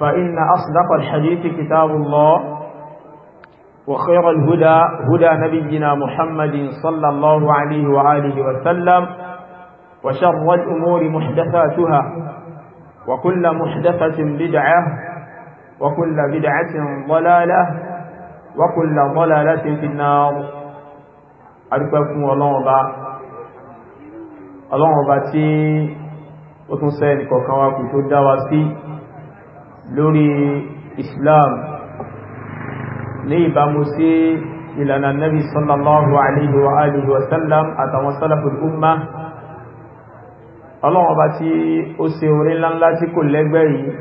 فإن أصدق الحديث كتاب الله وخير الهدى هدى نبينا محمد صلى الله عليه وآله وسلم وشر الأمور محدثاتها وكل محدثة بدعة وكل بدعة ضلالة وكل ضلالة في النار أركبكم الله أبا الله أبا تي وتنسيني كوكواكو تدوى lórí Islam ní ìbámu sí ìlànà nabi sallallahu alaihi wa alihi wa sallam àtàwọn salaful umma ọlọ́wọ́n bá tí ó ṣe orí ńláńlá tí kò lẹ́gbẹ́ yìí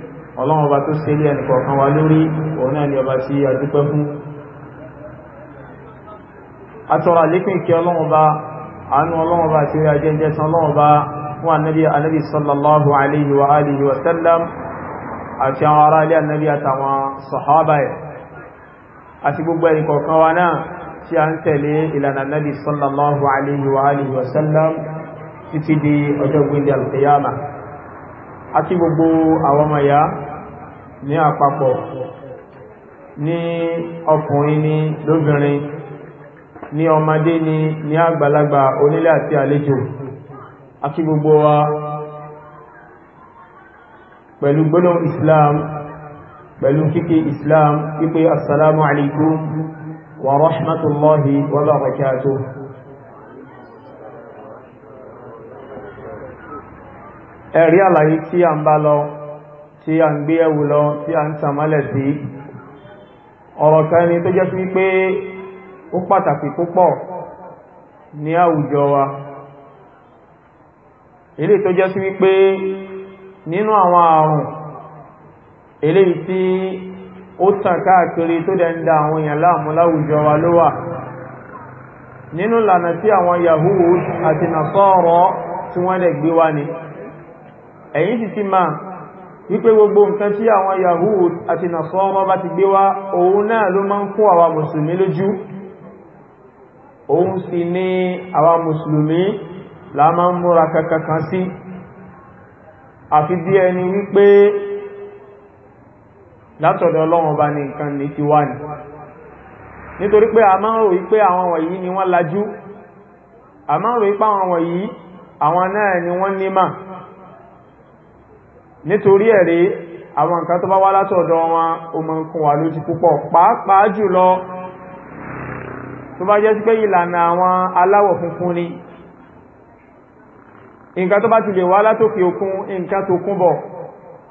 ọlọ́wọ́n bá tó ṣe ilé ẹnìkọ̀ọ̀kan wa lórí òun náà ni ọba tí a dúpẹ́ fún àti àwọn ará ilé annabi àtàwọn sọ̀hábà ẹ̀ àti gbogbo ẹni kọ̀ọ̀kan wa náà tí a ń tẹ̀lé ìlànà annabi sallallahu alaihi wa alihi wa sallam títí di ọjọ́ gbindi alkiyama àti gbogbo àwọn ọmọ ya ní àpapọ̀ ní ọkùnrin ní lóbìnrin ní ọmọdé ní àgbàlagbà onílé àti àlejò àti gbogbo wa pẹ̀lú gbọ́nà islam pẹ̀lú kíkí islam pípé assalamu alaikum wa rahmatullahi wa barakatuh ẹ̀rí àlàyé tí a ń bá lọ tí a ń gbé ẹwù lọ tí a ń tàmálẹ̀ sí ọ̀rọ̀ kan tó jẹ́ sí pé ó pàtàkì púpọ̀ ní àwùjọ wa ilé tó jẹ́ sí wípé nínú àwọn àrùn eléyìí tí ó tàn káàkiri tó dẹ̀ ń àwọn èèyàn láàmú wa ló wà nínú lànà tí àwọn Yahud àti Nasara tí wọ́n dẹ̀ gbé wá ni ẹ̀yìn sì ti máa wípé gbogbo nǹkan tí àwọn Yahud àti Nasara bá ti gbé wá òun náà ló máa ń kó àwa mùsùlùmí lójú òun sì ni àwa mùsùlùmí la máa ń múra kankan sí àfi bí ẹni wípé látọ̀dọ̀ ọlọ́run ọba ní nǹkan ní ti wá ní nítorí pé a máa ń rò wípé àwọn wọ̀nyí ni wọ́n lajú a máa ń rò wípé àwọn wọ̀nyí àwọn náà ni wọ́n nímà nítorí ẹ̀rẹ́ àwọn nǹkan tó bá wá látọ̀dọ̀ wọn o mọ̀ ń kún wà lójú púpọ̀ pàápàá jùlọ tó bá jẹ́ sí pé ìlànà àwọn aláwọ̀ funfun ni nǹkan tó bá ti lè wá látòkè òkun nǹkan tó kún bọ̀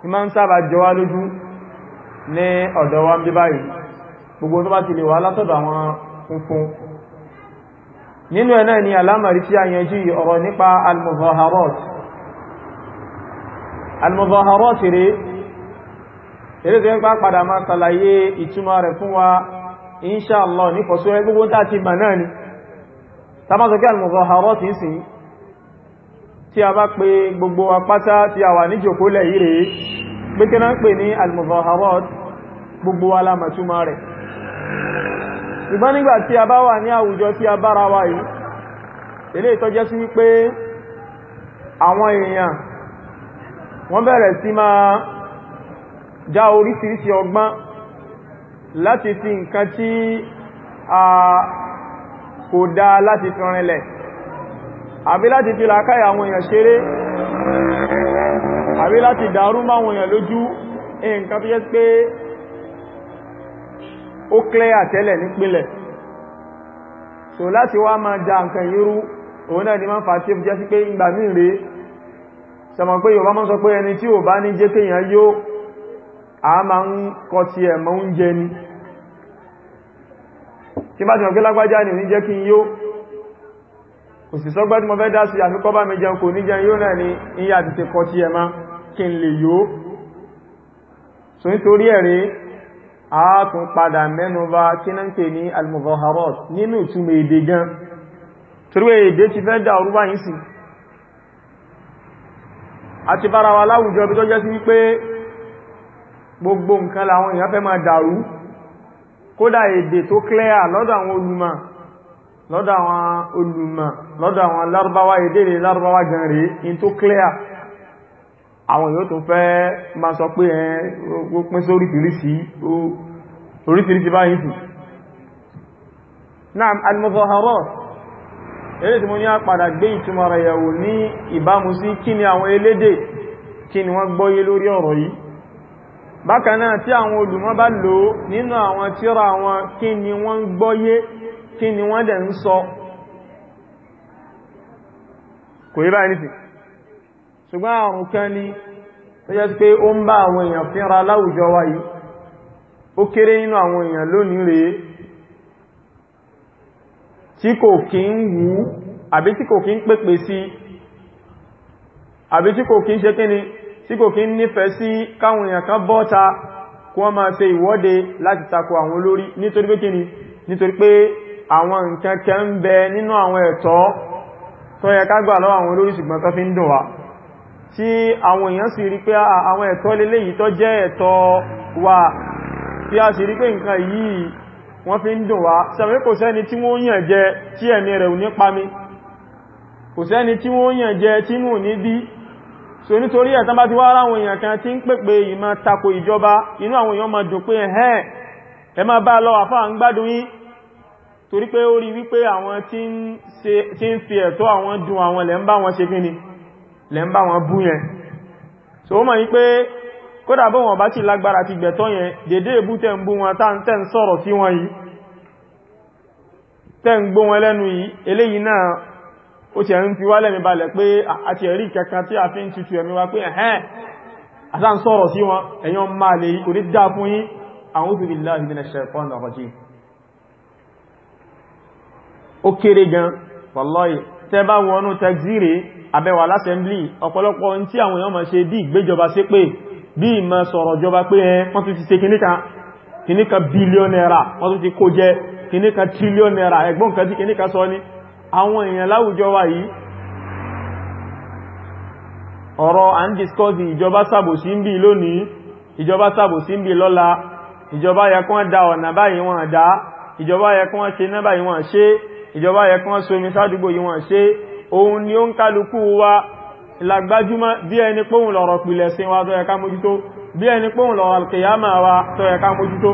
ìmá ń sábà jọ wá lójú ní ọ̀dọ̀ wa ń bí báyìí gbogbo tó bá ti lè wá látọ̀dọ̀ àwọn funfun nínú ẹ̀ ni alámàrí tí a yanjú ọ̀rọ̀ nípa al-muzaharat al-muzaharat rẹ̀ eré tó ń ni tá bá sọ kí al-muzaharat tí a bá pè gbogbo apáta tí a wà ní jòkólẹ̀ yìí rèé pé kí náà pè ní al-muzaharat gbogbo alamọ̀túnmọ̀ rẹ̀ ṣùgbọ́n nígbà tí a bá wà ní àwùjọ tí a bára wa yìí ilé ìtọ́jẹ́ sí wípé àwọn èèyàn wọ́n bẹ̀rẹ̀ sí máa já oríṣiríṣi ọgbọ́n láti fi nǹkan tí a kò dá láti fi rinlẹ̀ àbí láti fi làákàyà àwọn èèyàn ṣeré àbí láti dàrú máwọn èèyàn lójú nǹkan tó jẹ́ pé ó klẹ́ àtẹ́lẹ̀ nípínlẹ̀ so láti wá máa ja nǹkan yírú òun náà ni máa ń tí ó jẹ́ sí pé ìgbà mí rèé sọmọ pé Yorùbá máa ń sọ pé ẹni tí ò bá ní jẹ́ kéèyàn yó a máa ń kọ ti ẹ̀mọ oúnjẹ ni tí bá ti mọ̀ pé lágbájá ni ò ní jẹ́ kí n yó kò sì sọ́gbọ́n tí mo fẹ́ dá sí àfikọ́ bá mi jẹun kò ní jẹun yóò náà ni, iye àti ti kọ tí ẹ má kí n lè yóò so nítorí ẹ̀rẹ́ a tún padà mẹ́nubá kí náà ń pè ní al-mudaharat nínú ìtumọ̀ èdè gan torí èdè ti fẹ́ dá orúbá yìí sí àti bára wa láwùjọ bí tó jẹ́ sí wípé gbogbo nǹkan làwọn èèyàn fẹ́ máa dàrú kódà èdè tó clear lọ́dọ̀ àwọn olùmọ̀ lọ́dọ̀ àwọn olùmọ̀ lọ́dọ̀ àwọn lárúbáwá èdèrè lárúbáwá gan rí in tó clear àwọn yóò tó fẹ́ ma sọ pé ẹ ó pín sí oríṣìíríṣìí báyìí sí náà al-muzaharat eré tí mo ní àpàdà gbé ìtumọ̀ rẹ̀ yẹ̀wò ní ìbámu sí kí ni àwọn elédè kí ni wọ́n gbọ́yé lórí ọ̀rọ̀ yìí bákan náà tí àwọn olùmọ̀ bá lò nínú àwọn tírà wọn kí ni wọ́n gbọ́yé kí ni wọ́n dẹ̀ ń sọ kò yí báyìí nìsìn ṣùgbọ́n àrùn kan ní tó jẹ́ pé ó ń bá àwọn èèyàn fínra láwùjọ wa yìí ó kéré nínú àwọn èèyàn lónìí rèé tí kò kí ń wú àbí tí kò kí ń pèpè sí àbí tí kò kí ń ṣe kíni tí kò kí ń nífẹ̀ẹ́ sí káwọn èèyàn kan bọ́ta kí wọ́n máa ṣe ìwọ́de láti tako àwọn olórí nítorí pé kíni nítorí pé àwọn nǹkan kẹ ń bẹ nínú àwọn ẹ̀tọ́ tó yẹ ká gbà lọ́wọ́ àwọn olórí ṣùgbọ́n tó fi ń dùn tí àwọn èèyàn sì rí pé àwọn ẹ̀tọ́ lélẹ̀ yìí tó jẹ́ ẹ̀tọ́ wa tí a sì rí pé nǹkan yìí wọ́n fi ń dùn kò sẹ́ni tí wọ́n yàn ti wá èèyàn kan tí ń pèpè ìmọ̀ tako ìjọba inú àwọn èèyàn máa dùn pé máa bá lọ àfáà ń gbádùn torí pé ó rí wípé àwọn tí ń fi ẹ̀tọ́ àwọn dùn àwọn lẹ́mbà wọn ṣe kíni lẹ́mbà wọn bú yẹn so ó mọ̀ ní pé kódà bọ́ wọn bá ti lágbára ti gbẹ̀tọ́ yẹn dédé ìbú tẹ́ ń bú wọn tá tẹ́ ń sọ̀rọ̀ sí wọn yìí tẹ́ ń gbó wọn lẹ́nu yìí eléyìí náà ó ti ń fi wá lẹ́mi balẹ̀ pé àti ẹ̀rí kankan tí a fi ń tutù ẹ̀mí wa pé ẹ̀hẹ́n àtà ń sọ̀rọ̀ sí wọn ẹ̀yàn máa lè orí dá fún yín a'udhu billahi minash shaitanir rajim ó kéré gan wallahi tẹ́ bá wọnú tẹ́gzíre abẹ́wà lásẹ̀mblì ọ̀pọ̀lọpọ̀ ohun tí àwọn èèyàn máa ṣe bí ìgbéjọba sí pé bí ìmọ̀ sọ̀rọ̀ jọba pé ẹ wọ́n tún ti ṣe kìníkà kìníkà bílíọ̀n náírà wọ́n tún ti kó jẹ kìníkà tírílíọ̀n náírà ẹgbọ́n nǹkan tí kìníkà sọ ní àwọn èèyàn láwùjọ wa yìí ọ̀rọ̀ à ń discourse ìjọba sàbòsí ń bí ọ̀nà báyìí wọ́n dá ìjọba yẹ kí náà báyìí wọ́n ṣe ìjọba yẹ kán so omi sádùgbò yìí wọ́n ṣe òun ni ó ń kálukú wa lágbájúmọ́ bí ẹni pòun lọ̀rọ̀ pìlẹ̀ sí wa tó yẹ ká mójútó bí ẹni pòun lọ̀rọ̀ alkèyàmà wa tó yẹ ká mójútó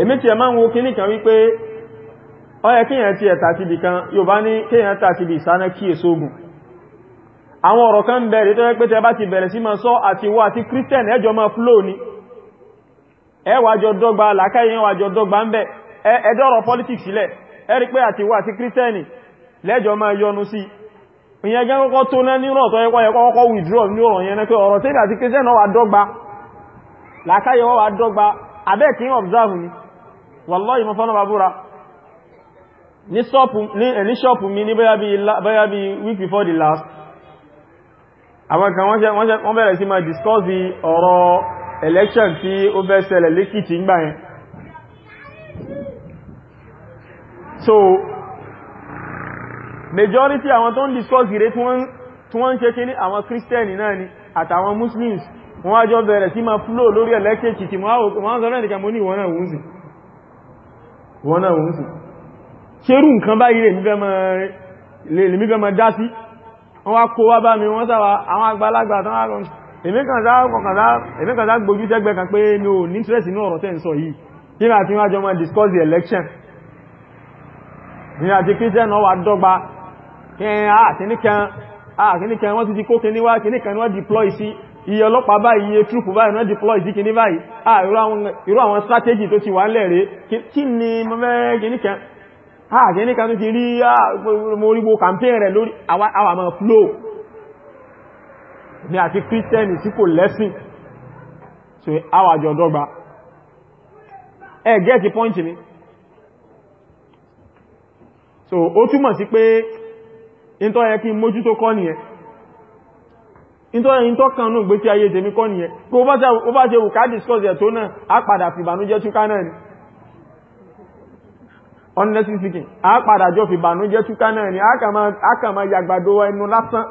èmi tí ẹ máa ń wo kíní kan wípé ó yẹ kíyàn ti ẹ̀ta síbi kan yóò bá ní kíyàn ta síbi ìsáná kí èso ogun àwọn ọ̀rọ̀ kan bẹ̀rẹ̀ tó yẹ pé tẹ ti bẹ̀rẹ̀ ẹ̀dọ́rọ̀ politics sílẹ̀ ẹ̀rí pé àti wà sí kírísẹ́nì lẹ́jọ máa yọnu sí ìyẹn jẹ́ kọ́kọ́ tó ná níràn ọ̀tọ́ yẹ́kọ́ yẹ́kọ́ kọ́kọ́ withdraw ní ọ̀rọ̀ yẹn pé ọ̀rọ̀ tí àti wà dọ́gba wà ni mi ní week before the last àwọn ó lẹ́kìtì ń so majority àwọn tó ń discuss gire tí wọ́n ń ṣe kí ní àwọn christian náà ni àtàwọn muslims wọ́n wá jọ bẹ̀rẹ̀ sí máa flow lórí ẹ̀lẹ́kẹ̀ẹ́kì tí wọ́n sọ rẹ̀nìkà mú ní ìwọ̀n náà wùn sí wọ́n náà wùn sí ṣerú nǹkan báyìí lè mífẹ́ ma dá sí wọ́n wá kó wá bá mi wọ́n sáwà àwọn àgbàlagbà tán wá rọrùn èmi kàn sá gbójú tẹ́gbẹ́ kan pé mi ò ní interest inú ọ̀rọ̀ tẹ́ ń sọ yìí kí ni àti wọ́n jọ máa discuss the election ní àti kírísítẹ́nì náà wà dọ́gba kẹrin àkíníkan ah, àkíníkan ah, wọ́n ti ti kó kíní wá kíníkan ni wọ́n deploy sí iye ọlọ́pàá báyìí iye trúùpù báyìí wọ́n deploy sí kíní báyìí ah, irú àwọn strategy tó ti wà ń lẹ̀rẹ̀ kí ni mo fẹ́ kíníkan àkíníkan tó ti rí mo rí gbogbo campaign rẹ̀ lórí àwa flow ní àti kírísítẹ́nì tí kò lẹ́sìn so àwa jọ dọ́gba ẹ gẹ́ẹ̀tì pọ́ǹtì mi so ó túmọ̀ sí pé ìntọ́ yẹ kí mójútó kọ́ nìyẹn ìntọ́ yẹ ìntọ́ kan náà gbé tí ayé tèmi kọ́ nìyẹn kó ó bá ṣe wùká discuss ẹ̀ tó náà fìbànújẹ́ náà ni honestly speaking á jọ fìbànújẹ́ náà ni kà máa yàgbàdo ẹnu lásán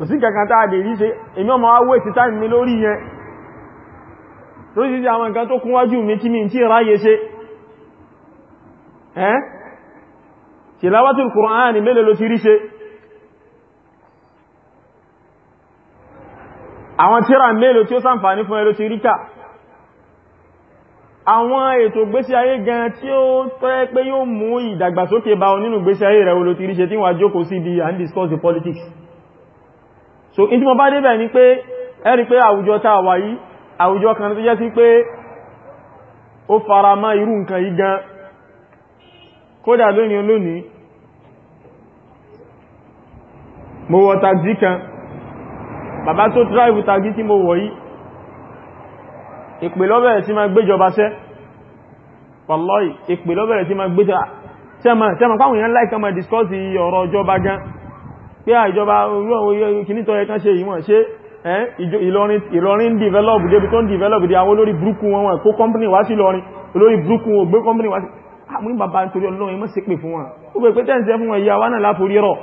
a lè rí ṣe èmi ọmọ wá tìláwàtù kùránì mélòó ló ti rí ṣe àwọn tíra mélòó tí ó sàǹfàní fún ẹ ló ti rí kà àwọn ètò gbésí ayé gan tí ó tẹ́ pé yóò mú ìdàgbàsókè bá ọ nínú gbésí ayé rẹ̀ ló ti tí wà jókòó sí bí and discuss the politics so in tí mo bá débẹ̀ ni pé ẹ rí pé àwùjọ tá wà yìí àwùjọ kan tó jẹ́ sí pé ó fara mọ́ irú nǹkan yìí gan kódà lónìí lónìí mo wọ taxi kan bàbá tó drive taxi tí mo wọ̀ yí ìpè lọ́bẹ̀rẹ̀ tí ma gbéjọba sẹ́ pọ̀lọ́ì ìpè tí ma gbéjọba tẹ́mà káwọn èèyàn láìka ma discuss ọ̀rọ̀ ìjọba gan pé àìjọba kìnítọ̀ ẹ̀kan ṣe ìwọ̀n develop débi develop di àwọn olórí burúkú wọn wọn company wá sí Ìlọrin olórí burúkú company wá sí àmúrí ah, bàbá nítorí Ọlọ́run ẹ má ṣépè fún wọn ó pè pé tẹ́ǹsẹ́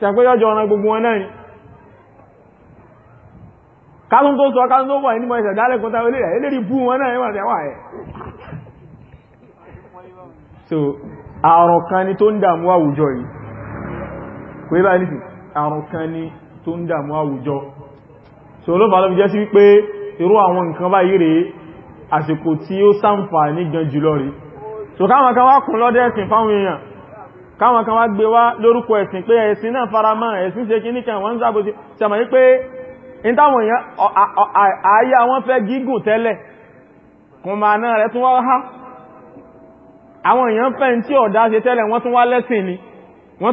ṣàpéjọ́jọ́ ọ̀nà gbogbo wọn náà ni kálùn tó sọ kálùn tó wà ní mọ̀ ìṣẹ̀dálẹ̀ kọta olèrè eléri bú wọn náà wà tẹ́wà ẹ̀ so àrùn kan ni tó ń dàmú àwùjọ yìí kò yíba nìtì àrùn kan ni tó ń dàmú àwùjọ so ló fà lọ́fi jẹ́ sí wípé irú àwọn nǹkan báyìí rèé àsìkò tí ó káwọn kan wá gbé wá lórúkọ ẹ̀sìn pé ẹ̀sìn náà fara mọ́ ẹ̀sìn ṣe kíní kan wọ́n ń sábòsí sẹmọ̀ wípé in táwọn èèyàn àyà wọn fẹ́ gígùn tẹ́lẹ̀ kùn máa náà rẹ̀ tún wá há àwọn èèyàn fẹ́ tí ni wọ́n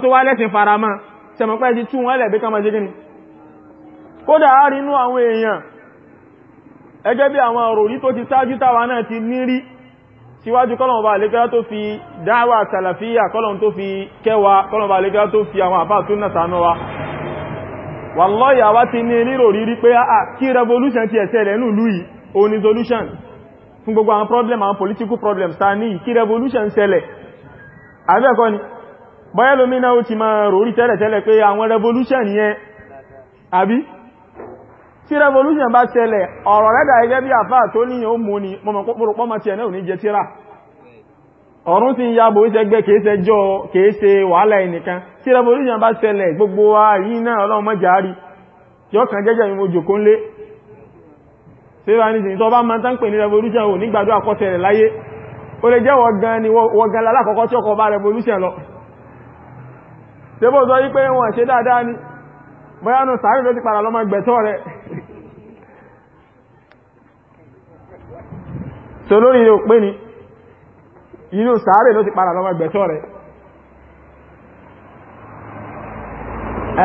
tún wá lẹ́sìn fara mọ́ sẹmọ̀ pé ti tú wọn lẹ̀ bí kan máa ṣe kíní kódà á rí inú àwọn èèyàn síwájú kọ́lọ̀mọba àlékẹ́lá tó fi dáwà sàlàfíyà kọ́lọ̀m tó fi kẹwa kọ́lọ̀mọba àlékẹ́lá tó fi àwọn àbá tó nàtàánú wa wàlọ́yà wá ti ní nílò rírí pé a kí revolution ti ẹ̀sẹ̀ rẹ̀ nùlú yìí o solution fún gbogbo àwọn problem àwọn political problems ta ní kí revolution ṣẹlẹ̀ abẹ́ẹ̀kọ́ ni bọ́yẹ́lómínà ó ti máa rò rí tẹ́lẹ̀ tẹ́lẹ̀ pé àwọn revolution yẹn àbí tí revolution bá ṣẹlẹ̀ ọ̀rọ̀ rẹ́dà ẹgẹ́ bí àfáà tó ní ó ni mọ̀mọ̀pọ̀pọ̀ mọ̀ tí ẹ̀ náà ní jẹ tíra ọ̀run ti ń yàbò ìṣẹ́gbẹ́ kèéṣẹ́ jọ kèéṣe wàhálà ẹnìkan tí revolution bá ṣẹlẹ̀ gbogbo wa yìí náà ọlọ́run mọ́ jàárì yóò kàn jẹ́jẹ́ mi mo jòkó ńlé síra ní ìsìn tó bá máa revolution ò nígbàdó àkọsẹ̀rẹ̀ láyé ó lè jẹ́ wọ̀gan ni wọ̀gan lálákọ̀ọ́kọ́ tí ọkọ̀ bá revolution lo. débò sọ wípé ni bóyá nù sàárì ló ti padà lọ́mọ gbẹ̀tọ́ rẹ̀ so lórí ilé òpé ni inú sàárè ló ti padà lọ́wọ́ ẹgbẹ̀tọ́ rẹ̀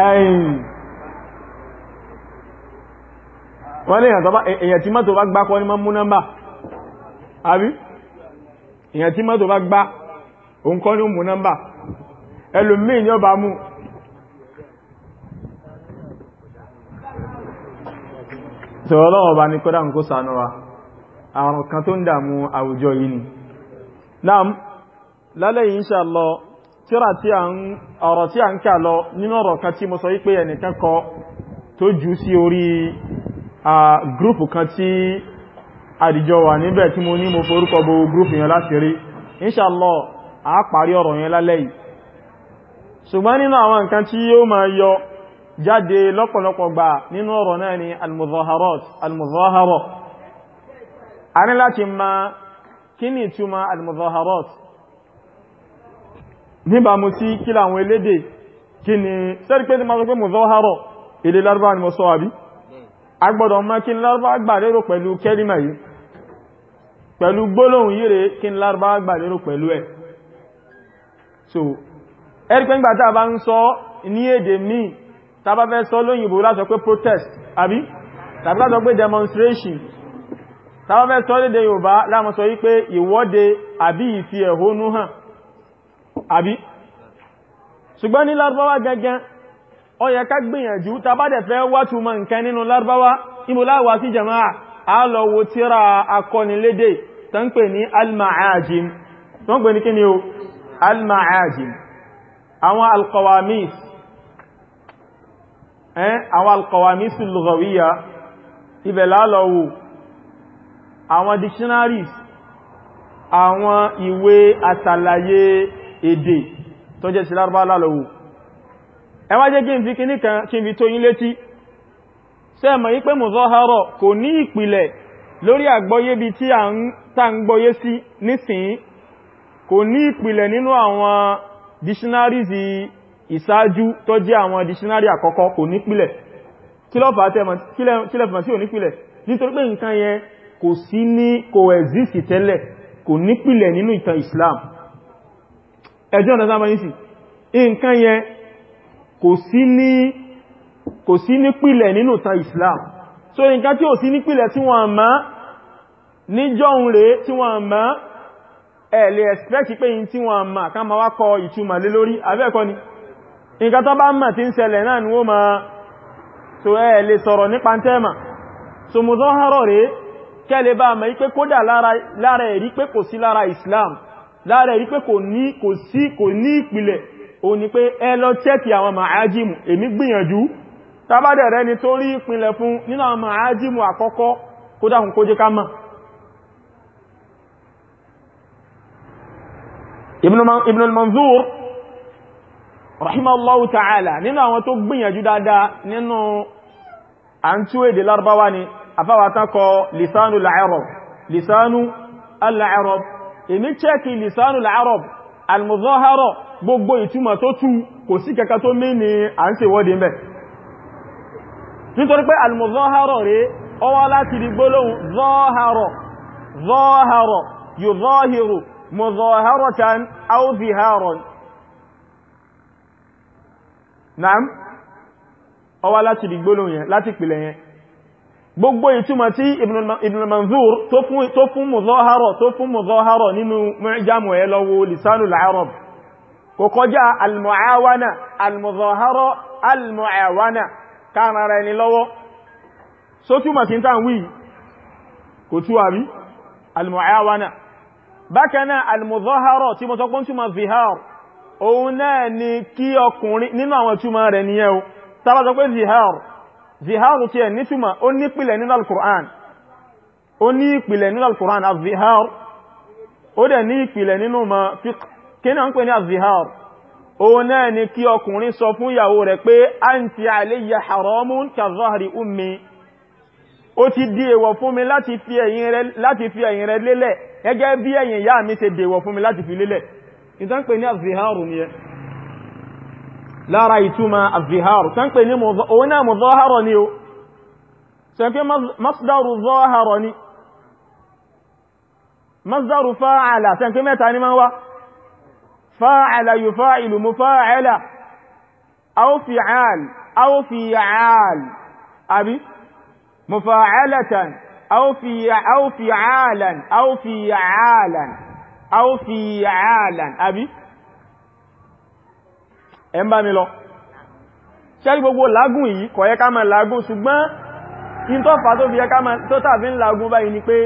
ẹ̀yìn wọ́n ní èyàn tí mọ́tò bá gbá kọ́ ní mọ́ mú nọ́mbà àbí èyàn tí mọ́tò bá gbá òun kọ́ ní mú nọ́mbà ẹlòmíì ní ọba mú sọ̀rọ̀ lọ́wọ́ ọba ní kọ́dá ń kó sànú wa àrùn kan tó ń dàmú àwùjọ yìí ni naam lálẹ́ yìí insha Allah tíra tí a ń ọ̀rọ̀ tí a ń kà lọ nínú ọ̀rọ̀ kan tí mo sọ wípé ẹnìkan kọ tó jù sí orí a gúrùpù kan tí àdìjọ wà níbẹ̀ tí mo ní mo forúkọ bo gúrùpù yẹn láti rí insha a parí ọ̀rọ̀ yẹn lálẹ́ yìí ṣùgbọ́n nínú àwọn nǹkan tí yóò máa yọ jáde lọ́pọ̀lọpọ̀ gbà nínú ọ̀rọ̀ náà ni al-muzaharat a ní láti ma kí ni ìtumọ̀ al-muzaharat níbàmú sí kílà àwọn elédè kí ni sẹ́rí pé tí ma sọ pé muzaharọ̀ ilé lárúbá ni mo sọ àbí agbọ́dọ̀ ma kí ni lárúbá gbà lérò pẹ̀lú kẹ́límà yìí pẹ̀lú gbólóhùn yíre kí ni lárúbá gbà pẹ̀lú ẹ̀ so ẹ̀rí pé ń gbàtà ń sọ ní èdè míì tàbá fẹ́ sọ lóyìnbó láti sọ pé protest àbí tàbí láti sọ pé demonstration táwọn fẹ́ sọ lédè Yorùbá láàmọ́ sọ wípé ìwọ́de àbí ìfi ẹ̀hónú hàn àbí ṣùgbọ́n ní lárúbáwá gangan ó yẹ ká gbìyànjú tàbádẹ̀ fẹ́ wátúmọ̀ nǹkan nínú lárúbáwá ìmúláwà sí jama'a a lọ wo tíra akọnilédè tó ń pè àwọn dictionaries àwọn ìwé àtàlàyé èdè tó jẹ́ sí lárúbá lálọ́wọ́ ẹ wá jẹ́ kí n fi kí níkan kí n fi tó yín létí sẹ́ẹ̀mọ̀ yí pé mùzọ́hárọ̀ kò ní ìpìlẹ̀ lórí àgbọ́yé bí tí a ń tà ń gbọ́yé sí nísìnyí kò ní ìpìlẹ̀ nínú àwọn dictionaries ìsáájú tó jẹ́ àwọn dictionary àkọ́kọ́ kò ní ìpìlẹ̀ kí ló fà á tẹ́mọ̀ kí lẹ́fẹ̀mọ̀ sí ò ní ìpìlẹ̀ nítorí pé nǹkan yẹn kò sí ní kò ẹ̀zìsì tẹ́lẹ̀ kò nípìlẹ̀ nínú ìtàn Islam ẹjọ́ ọ̀dá sáàmà yìí sí nǹkan yẹn kò sí nípìlẹ̀ nínú ìtàn Islam so nǹkan tí ò sí nípìlẹ̀ tí wọ́n mọ̀ níjọ́un rẹ̀ tí wọ́n mọ̀ ẹ̀ lè expect pé yìí tí wọ́n mọ̀ ká ma wá kọ ìtumọ̀ lé lórí abẹ́ẹ̀kọ́ ni nǹkan tó bá mọ̀ tí ń ṣẹlẹ̀ náà ni wọ́n mọ̀ so ẹ̀ lè sọ̀rọ̀ nípa tẹ́mà so mùzọ́hárọ̀ rẹ̀ kẹ́lẹ̀ bá mẹ́ pé kódà lára ẹ̀rí pé kò sí lára Islam lára ẹ̀rí pé kò ní kò sí kò ní ìpìlẹ̀ o ni pé ẹ lọ chẹ́kì àwọn màájímù èmi gbìyànjú tàbádẹ̀rẹ́ ni tó rí ìpìlẹ̀ fún nínú àwọn màájímù àkọ́kọ́ kó dákun ká mọ̀ Ibn al-Manzur rahimahullahu ta'ala nínú àwọn tó gbìyànjú dáadáa nínú à ń tú afáwátákọ lisanu al-arab lisanu al-arab èmi chẹ́kì lisanu al-arab al-muzahara gbogbo ìtumọ̀ tó tú kò sí kẹka tó mí ní à ń ṣe wọ́de mẹ́ nítorí pé al-muzahara rẹ̀ ó wá láti di gbólóhùn zọ́hárọ̀ zọ́hárọ̀ láti di yẹn láti pìlẹ̀ yẹn gbogbo ìtumọ̀ tí Ibn al-Manzur tó fún mùzọ́hárọ̀ tó fún mùzọ́hárọ̀ nínú mẹ́jàmù ẹ lọ́wọ́ lisanul arab kò kọjá al-mu'awana al-mùzọ́hárọ̀ al-mu'awana kánara ẹni lọ́wọ́ so túmọ̀ sí tán wí kò tú àrí al-mu'awana bákanáà al-mùzọ́hárọ̀ tí mo sọ ziharu ti ẹ̀ nítúmọ̀ ó ní ìpìlẹ̀ nínú al-Qur'an ó ní ìpìlẹ̀ nínú al-Qur'an az-zihar ó dẹ̀ ní ìpìlẹ̀ nínú ma fiqh kí náà pè ní az-zihar ó náà ni kí ọkùnrin sọ fún ìyàwó rẹ̀ pé anti alayya haramun ka zahri ummi ó ti di èwọ̀ fún mi láti fi ẹ̀yìn rẹ̀ lélẹ̀ gẹ́gẹ́ bí ẹ̀yìn ìyá mi ṣe dèwọ̀ fún mi láti fi lélẹ̀ ìtàn pè ní az-zihar nìyẹn lára ìtumà àzìhárù tán pè ní òwúnà náà zọ́hárọ̀ ni o pè masdaru zọ́hárọ̀ ni masdaru fa'ala pè mẹ́ta ní máa wá fa'ala yóò mufa'ala aw fi'al aw abi mufa'alatan aw fi aw fi'alan abi ẹ ń bá mi lọ ṣẹ́rí gbogbo lágùn yìí kò yẹ ká máa lágùn ṣùgbọ́n in tó fà tó fi yẹ ká máa tó tàbí ń lágùn báyìí ni pé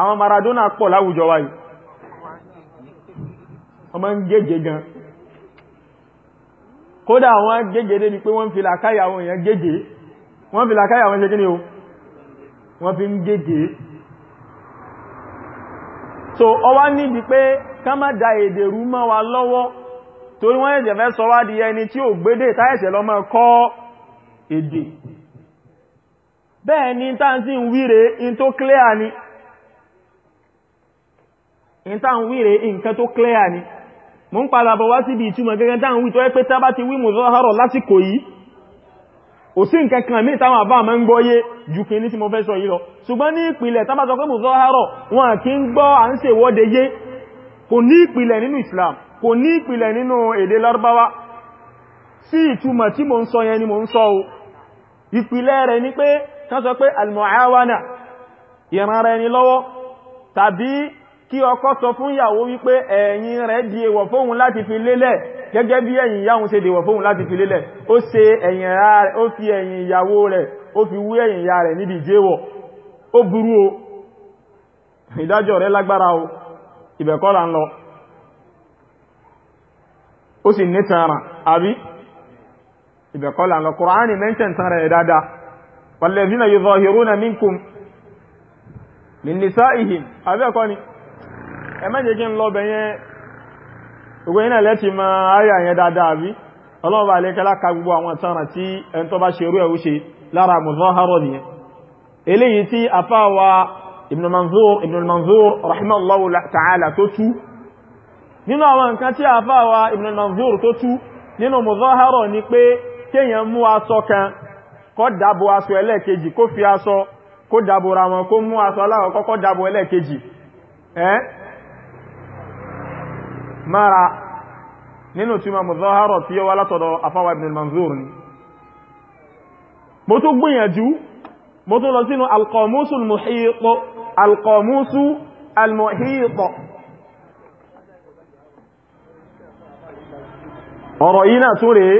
àwọn Maradona pọ̀ láwùjọ wáyìí ọmọ ń gẹ́gẹ́ wọ́n fi ń gẹ́gẹ́ so ọwá níbi pé ká má da èdè rú mọ́ wa lọ́wọ́ torí wọ́n ẹ̀sẹ̀ fẹ́ sọ wá di ẹni tí ò gbédè táẹ̀sẹ̀ lọ máa kọ́ èdè bẹ́ẹ̀ ni tá ń sí ń wíre in tó clear ni in tá ń wíre tó clear ni mo ń padà bọ̀ wá síbi ìtumọ̀ gẹ́gẹ́ tá ń wí tó ẹ́ pé tábá ti wí mùsọ́hárọ̀ mo sọ lọ Islam kò ní ìpìlẹ̀ nínú èdè lárúbáwá sí ìtumọ̀ tí mo ń sọ yẹn ni mo ń sọ o ìpìlẹ̀ rẹ̀ ni pé tán sọ pé almuawana ìran rẹ̀ ni lọ́wọ́ tàbí kí ọkọ sọ fún ìyàwó wípé ẹ̀yìn rẹ̀ di èwọ̀ fóhun láti fi lélẹ̀ gẹ́gẹ́ bí ẹ̀yìn ìyàwó ṣe dèwọ̀ fóhun láti fi lélẹ̀ ó ṣe ẹ̀yìn rẹ̀ ó fi ẹ̀yìn ìyàwó rẹ̀ ó fi wú ẹ̀yìn ìyá rẹ̀ níbi ìjẹ́wọ̀ ó burú o ìdájọ́ rẹ̀ lágbára o ìbẹ̀kọ́ là ń lọ ó sì ní tààrà àbí ìbẹ̀kọ́lá lọ kùránì mẹ́ntẹ̀n tààrà ẹ̀ dáadáa wàlẹ̀zínà yóò zọ̀hìrú na minkum min nisa'ihim àbí ẹ̀kọ́ ni ẹ mẹ́jẹ̀ kí n lọ bẹ̀yẹn ogun iná lẹ́tì ma ayà yẹn dáadáa àbí ọlọ́ọ̀bà alẹ́kẹ́lá ka gbogbo àwọn tààrà tí ẹn tó bá ṣe rú ẹ̀wú ṣe lára ibn manzur ibn manzur rahimahullahu ta'ala tó tú nínú àwọn nǹkan tí àfáà wa Ibn Manzur tó tú nínú muzahara ni pé kéèyàn mú aṣọ kan kó dàbò aṣọ ẹlẹ́ẹ̀kejì kó fi aṣọ kó dàbò ra wọn kó mú aṣọ aláwọ̀kọ́ kó dàbò ẹlẹ́ẹ̀kejì ẹ́ mara nínú tí ma muzahara tí ó wá látọ̀dọ̀ àfáà wa Ibn Manzur al-Qamusul ọ̀rọ̀ yìí náà tún rèé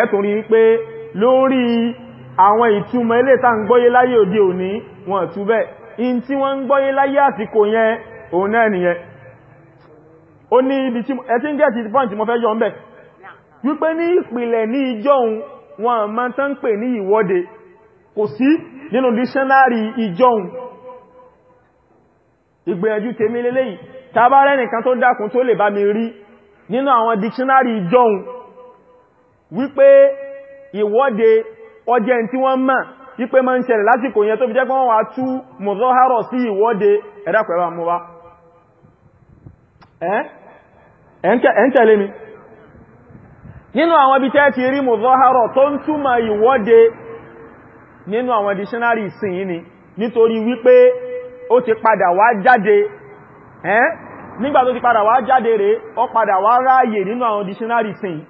ẹ̀tún rí pé lórí àwọn ìtumọ̀ ilé tá ń gbọ́yé láyé òde òní wọn tú bẹ́ẹ̀ in tí wọ́n ń gbọ́yé láyé àsìkò yẹn òun náà nìyẹn ó ní ibi tí ẹ ti ń gẹ́ẹ̀tì point mo fẹ́ yọ ńbẹ̀ wípé ní ìpìlẹ̀ ní ìjọun wọn máa tán ń pè ní ìwọ́de kò sí nínú dictionary ìjọun ìgbìyànjú tèmi lélẹ́yìn tabarẹ́nìkan tó dákun tó lè bá mi rí nínú àwọn dictionary john wípé ìwọ́de ọjẹ́ tí wọ́n mọ̀ wípé ma ń ṣẹlẹ̀ lásìkò yẹn tó fi jẹ́ wọ́n wá tú mọ̀zọ́hárọ̀ sí ìwọ́de ẹ̀dàpẹ̀wà mú nínú àwọn ibi rí tó ma ìwọ́de nínú àwọn nígbà tó ti padà wá jáde rẹ̀ ó padà wá ráyè nínú àwọn dictionary sin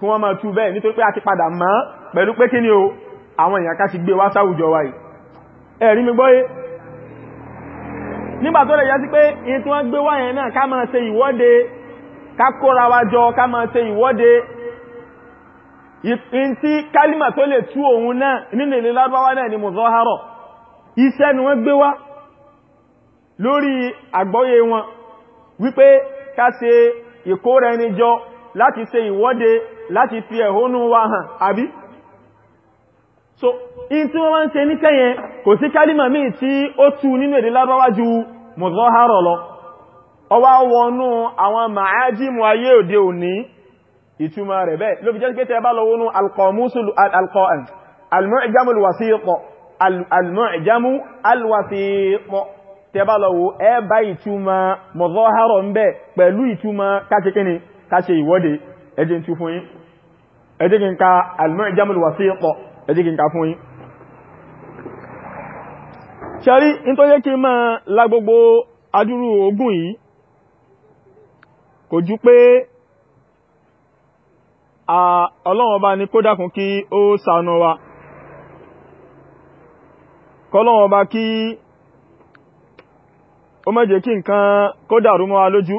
kí wọ́n máa tú bẹ́ẹ̀ nítorí pé a ti padà mọ̀ pẹ̀lú pé kí ni o àwọn èèyàn ká ti gbé wá sáwùjọ wa yìí ẹ̀rí mi gbọ́yé nígbà tó lè yá sí pé in tí wọ́n gbé wá yẹn náà ká máa ṣe lórí àgbọ́yé wọn wípé ká ṣe ìkóra ẹni jọ láti ṣe ìwọ́de láti fi ẹ̀hónú wa hàn àbí so in tí wọ́n wá ń ṣe ní kẹ́yẹn kò sí kálímà míì tí ó tú nínú èdè lábáwá ju mọ̀zọ́hárọ̀ lọ ọwá wọnú àwọn màájímù ayé òde òní ìtumọ̀ rẹ̀ bẹ́ẹ̀ ló fi jẹ́ pé tẹ́ bá lọ wọnú alqamusul al-mu'jamul wasiq al tẹ́bá lọ wo ẹ bá ìtumọ̀ mọ̀zọ́hárọ̀ ń bẹ pẹ̀lú ìtumọ̀ káṣekíní káṣe ìwọ́de ẹjẹ́ tí fún yín ẹjẹ́ kí n ka al-Mu'jamul Wasiq ẹjẹ́ kí n ka fún yín ṣẹ́rí in tó yẹ kí máa lágbogbo adúrú ogun yìí kò jú pé Ọlọ́run Ọba ní kó kí ó ṣàánú wa kọ́lọ́run Ọba kí ó má jẹ́ kí nǹkan kó dàrú mọ́ wa lójú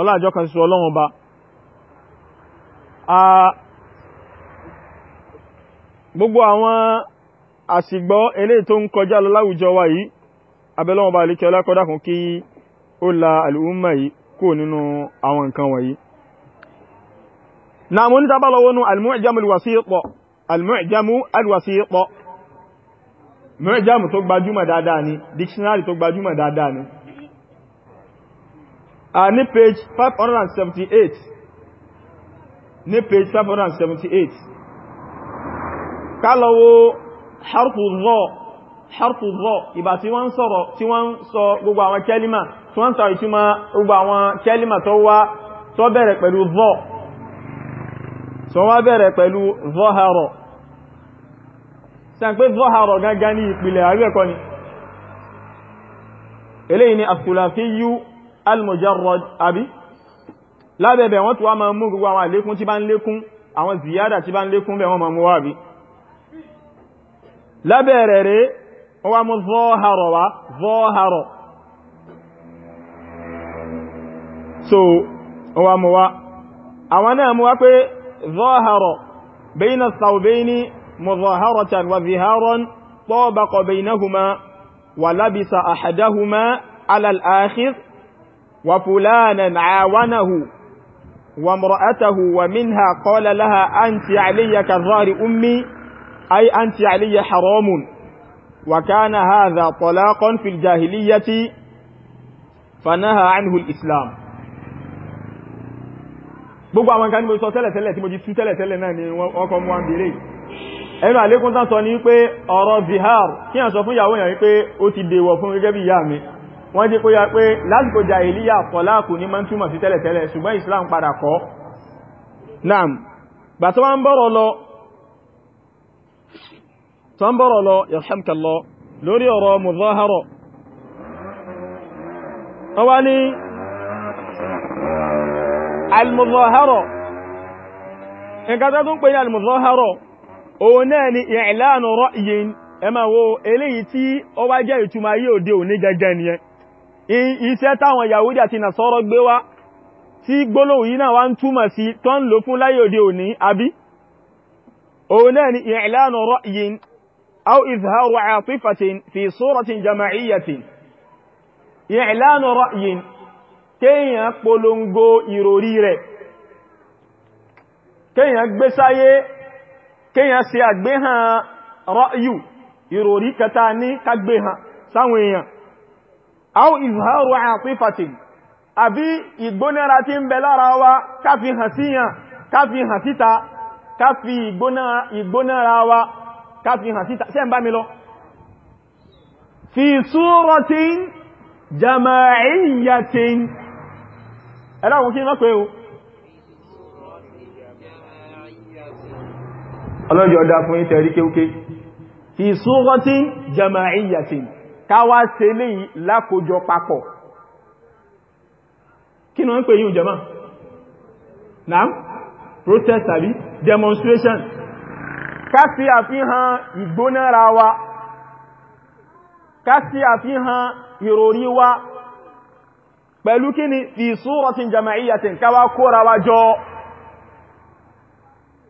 ọláàjọ́ kan sọ ọlọ́run ba gbogbo àwọn àsìgbọ́ eléyìí tó ń kọjá lọ láwùjọ wa yìí abẹ́lọ́wọ́n ba alékẹ́ ọlákọ́dákùn kí ó la alùmọ̀ yìí kó nínú àwọn nǹkan wọ̀nyí na mo ní tábàlọ́wọ́nú almu'jamu alwasiq almu'jamu alwasiq mẹ́rẹ̀jáàmù tó gbajúmọ̀ dáadáa ni dictionary tó gbajúmọ̀ dáadáa ni a ní page 578 ní page 578 kálọ̀wó harfu zọ́ ìbá tí wọ́n sọ̀rọ̀ tí wọ́n sọ gbogbo àwọn kẹ́límà tí wọ́n sọ̀rọ̀ ìtumọ̀ gbogbo àwọn kẹ́límà tó wá tó bẹ̀rẹ̀ pẹ̀lú zọ́ so wá bẹ̀rẹ̀ pẹ̀lú zọ́harọ̀ tàn pé zọ́hàrọ̀ gangan ní ìpìlẹ̀ àríẹ̀kọ́ ni eléyìí ni as-sulafiyyu al-mujarrad àbí lábẹ̀bẹ̀ wọ́n tó wá máa mú gbogbo àwọn àlékún tí bá ń lékún àwọn ziyada tí bá ń lékún bẹ̀ wọ́n máa mú wá bí مظاهرة وظهارا طابق بينهما ولبس أحدهما على الآخر وفلانا عاونه وامرأته ومنها قال لها أنت علي كظهر أمي أي أنت علي حرام وكان هذا طلاقا في الجاهلية فنهى عنه الإسلام gbogbo àwọn kan ní mo sọ tẹ́lẹ̀tẹ́lẹ̀ tí mo jí tú tẹ́lẹ̀tẹ́lẹ̀ náà ni wọ́n kọ́ mú ni ẹnu àlékún tán sọ ní pé ọ̀rọ̀ zihar kí a sọ fún ìyàwó èèyàn wípé ó ti dèwọ̀ fún gẹ́gẹ́ bí ìyá mi wọ́n jẹ́ kó yá pé lásìkò jàhílíyà tọ́láàkù ní máa ń túmọ̀ sí tẹ́lẹ̀tẹ́lẹ̀ ṣùgbọ́n Islam padà kọ́ òun náà ni ìlànà ra'yin ẹ máa wo eléyìí tí ó wá jẹ́ ìtumọ̀ ayé òde òní gẹ́gẹ́ nìyẹn iṣẹ́ táwọn Yahudi àti Nasara gbé wá tí gbólóhùn yìí náà wá ń túmọ̀ sí tó ń lò fún láyé òde òní àbí kéèyàn gbésáyé kéèyàn ṣe àgbéhàn ra'yu ìròrí kẹta ní kágbéhàn sáwọn èèyàn aw izharu atifatin àbí ìgbónára tí ń bẹ lára wa káfi hàn síyàn káfi hàn síta káfi ìgbónára wa káfi hàn síta ṣe ń bá mi lọ fi súratin jama'iyyatin ẹ̀lá kí n mọ́ ọlọ́njẹ́ ọdá fún ìtẹ̀ rí kéúké fi súnrọ́tí jama'iyyatin káwà se lè lákòjọ papọ̀ kí ni wọ́n pè yíò jama náà protest àbí demonstration ká sí àfihàn ìgbónára wa ká sí àfihàn ìròrí wa pẹ̀lú kí ni fi súnrọ́tí jama'iyyatin káwà kóra wa jọ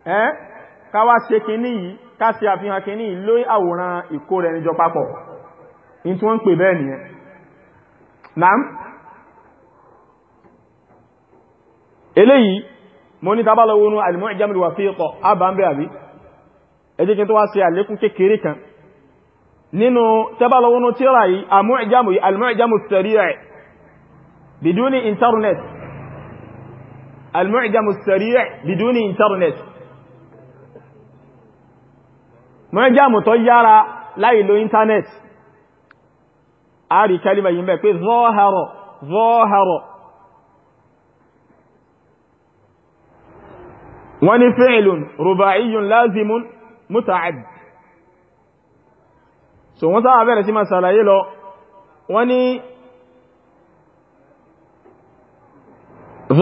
eh ká wá ṣe kínní yìí ká ṣe àfihàn kínní yìí lórí àwòrán ìkó rẹ̀ níjọ papọ̀ ní tí wọ́n ń pè bẹ́ẹ̀ nìyẹn naam eléyìí mo ní tábàlọ̀ wọnú al-Mu'jam al-Wafiq abambe àbí ẹ jẹ́ kí n tó wá ṣe àlékún kékeré kan nínú tábàlọ̀ wọnú tíra yìí al-Mu'jam al-Mu'jam as-Sari' biduni internet al-Mu'jam as-Sari' internet mọ́jámù tó yára láì lo internet a rí kẹlìmà yìí mẹ́ pé zọ́ọ̀hárọ̀ zọ́ọ̀hárọ̀ wọ́n ni fi'ilun ruba'iyyun lazimun muta'add so wọ́n sáà bẹ̀rẹ̀ sí masalaye lọ wọ́n ni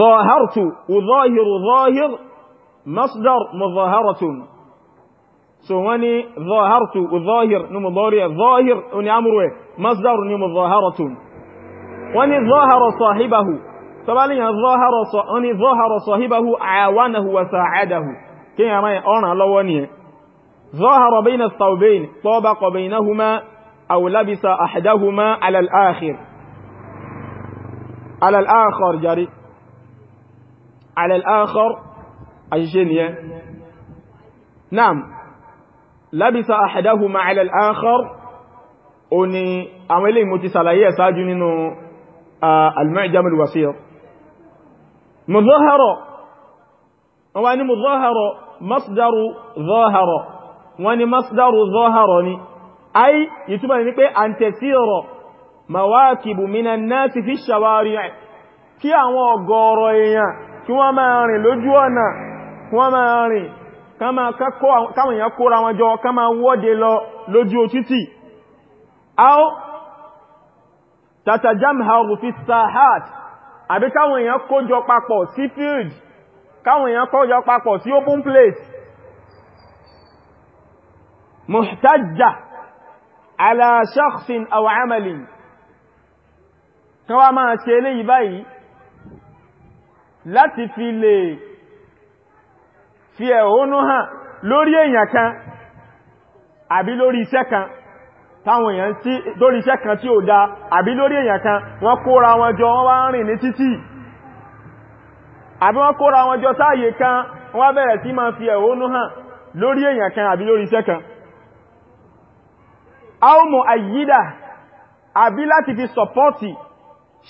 ظاهرت وظاهر ظاهر مصدر مظاهرة so wọ́n ní zọ́hártù zọ́hìr ní mọ̀lọ́rí ẹ̀ zọ́hìr ní amúrú ẹ̀ masdar ní mọ̀lọ́hárọ̀tù wọ́n ní zọ́hárọ̀ sọ̀híbahu tọ́bálìyàn zọ́hárọ̀ sọ̀híbahu àwánahu wa sa'adahu kí yà máa ọ̀ràn lọ́wọ́ ni zọ́hárọ̀ bẹ́yìn staubain tọ́bá kọ̀bẹ̀inahuma àwùlábisa àhàdáhuma naam lábísà ahadahuma ala al-akhar o ni àwọn ilé ìmò ti sàlàyé ẹ̀sáájú nínú al-mu'jam al-wasir mudhahara wọ́n ni mudhahara masdaru zahara wọ́n ni masdaru zahara ni ai ìtumọ̀ ni pé an tẹ̀sírọ̀ mawakibu minan nasi fi shawari' kí àwọn ọ̀gọ̀rọ̀ èèyàn kí wọ́n máa rìn lójú ọ̀nà kí wọ́n máa káwọn èèyàn kóra wọn jọ ká máa wọ́de lọ lójú òtítì áó tatajamharu fi sahat àbí káwọn èèyàn kójọ papọ̀ sí field káwọn èèyàn kójọ papọ̀ sí open place muhtajja ala shakhsin aw amalin káwà máa ṣe eléyìí báyìí láti fi lè fi ẹ̀hónú hàn lórí èèyàn kan àbí lórí iṣẹ́ kan táwọn èèyàn tí lórí iṣẹ́ kan tí ò dá àbí lórí èèyàn kan wọ́n kóra wọn jọ wọ́n wá ń rìn ní títì àbí wọ́n kóra wọn jọ sáàyè kan wọ́n bẹ̀rẹ̀ sí máa fi ẹ̀hónú hàn lórí èèyàn kan àbí lórí iṣẹ́ kan aomo ayida àbí láti fi sọpọ́tì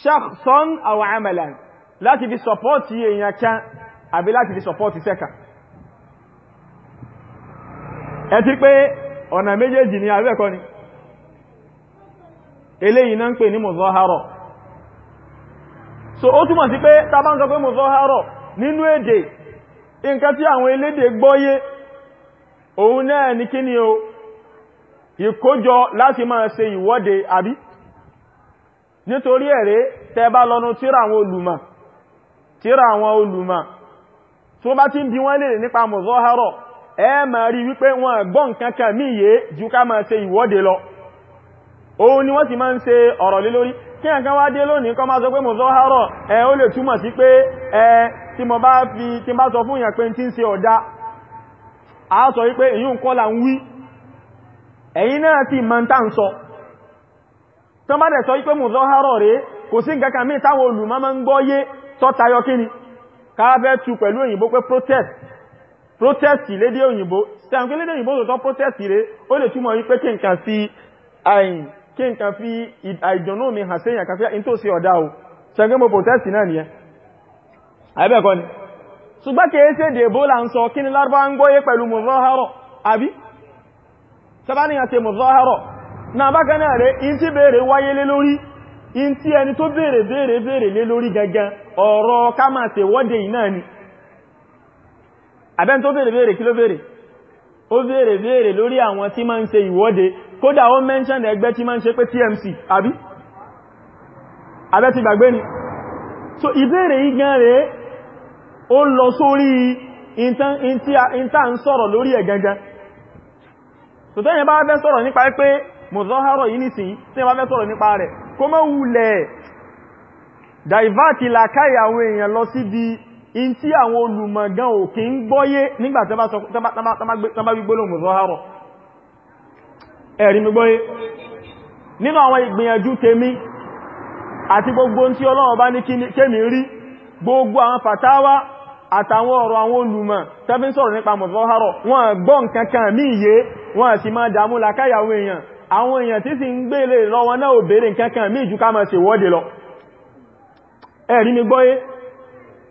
shakhsan aw amalan láti fi sọpọ́tì èèyàn kan àbí láti fi sọpọ́tì iṣẹ́ ẹtí pé ọ̀nà méjèèjì ni àbẹ́ẹ̀kọ́ ni eléyìí náà ń pè ní mùzọ́hárọ̀ so otu túmọ̀ sí pé tàbá ń sọ pé mùzọ́hárọ̀ nínú èdè nǹkan tí àwọn elédè gbọ́yé òun náà ní kí ni o ìkójọ láti máa ṣe ìwọ́de àbí nítorí ẹ̀rẹ́ tẹ́ lọ́nu tíra àwọn olùmọ̀ tíra ẹ máa rí wípé wọn gbọ́ nǹkan kan mí yé ju ká máa ṣe ìwọ́de lọ òun ni wọ́n sì máa ń ṣe ọ̀rọ̀ lé lórí kí nǹkan wá dé lónìí kọ́ máa sọ pé mùsọ́hárọ̀ ẹ ó lè túmọ̀ sí pé ẹ tí mo bá fi tí bá sọ fún èèyàn pé tí ń a sọ wípé èyí kọ́ ń ti sọ kò protest lédè òyìnbó sẹ́wọ̀n pé lédè òyìnbó tó tọ́ protest rẹ̀ ó lè túmọ̀ wípé kí nǹkan fi àyìn kí nǹkan fi àìjọ̀nú mi hàn sẹ́yìn àkàfíà in tó sí ọ̀dá o sẹ́wọ̀n pé mo protest náà nìyẹn àbẹ́ẹ̀kọ́ ni ṣùgbọ́n kìí ṣe èdè là ń sọ kí ni lárúbá ń gbóyé pẹ̀lú mọ̀zọ́hárọ̀ àbí sábàníyàn ṣe mọ̀zọ́hárọ̀ náà bákan náà rẹ̀ in tí béèrè wáyé lé lórí in tí ẹni gangan ọ̀rọ̀ ká máa ṣèwọ́de yìí náà ni abẹ́n tó bèèrè bèèrè kí ló bèèrè ó bèèrè bèèrè lórí àwọn tí máa ń ṣe ìwọ́de kódà ó mention ẹgbẹ́ tí máa ń ṣe pé TMC àbí abẹ́ ti gbàgbé ni so ìbéèrè yìí gan rẹ̀ ó lọ sórí ìta ń sọ̀rọ̀ lórí ẹ̀ so tẹ́yìn bá fẹ́ sọ̀rọ̀ nípa pé mọ̀zọ́hárọ̀ yìí nìsìn tẹ́yìn bá fẹ́ sọ̀rọ̀ nípa rẹ̀ kó mọ́ wulẹ̀ divert làkáyà àwọn èèyàn di in tí àwọn olùmọ̀gán òkè ń gbọ́yé nígbà tọ́bá gbígbólóhùn mùsọ́hárọ̀ ẹ̀rí mi gbọ́yé nínú àwọn ìgbìyànjú tèmi àti gbogbo tí Ọlọ́run bá ní kémi rí gbogbo àwọn fàtáwà àtàwọn ọ̀rọ̀ àwọn olùmọ̀ tẹ́bí sọ̀rọ̀ nípa mùsọ́hárọ̀ wọ́n gbọ́ nǹkan kan mí yé wọ́n sì máa dàmú làkáyàwó èèyàn àwọn èèyàn tí sì ń gbélé lọ́wọ́ náà ò bèèrè nǹkan kan mí jù ká máa ṣèwọ́de lọ ẹ̀rí mi gbọ́yé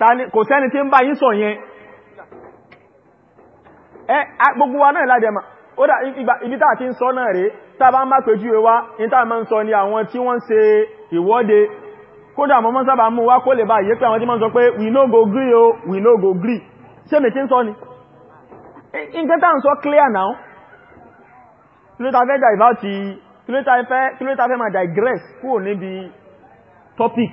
kò sẹ́ni tí ń bá yín sọ yẹn ẹ gbogbo wa náà ládẹ̀mà ó dà ibi tàà tí ń sọ náà rèé tàbá ń bá pèjúwe wá ní tàà máa ń sọ ní àwọn tí wọ́n ṣe ìwọ́de kódà mọ́ mọ́ sábà mú wá kó lè bá yé pé àwọn tí wọ́n sọ pé we no go gree o we no go gree ṣé mi tí ń sọ ni nǹkan tàà ń sọ clear now kílótà fẹ́ dàìbá ti kílótà fẹ́ máa digress kúrò níbi topic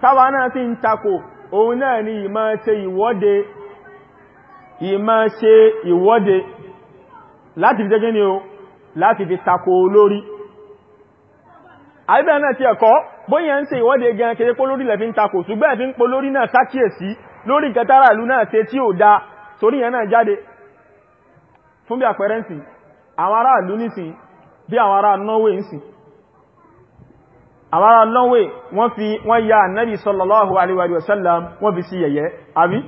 táwa náà sì ń takò òun náà ni ìmá ṣe ìwọ́de ìmá ṣe ìwọ́de láti fi jẹ́gẹ́ o láti fi takò olórí àìbẹ̀ náà ti ẹ̀kọ́ bóyẹ̀ ń ṣe ìwọ́de gan kéré pó lórí lẹ́fí takò ṣùgbọ́n ẹ̀fí ń lórí da Norway àwọn ará lọ́wẹ́ wọ́n fi wọ́n ya ànábì sallallahu alaihi wasallam wọ́n fi sí yẹ̀yẹ́ àbí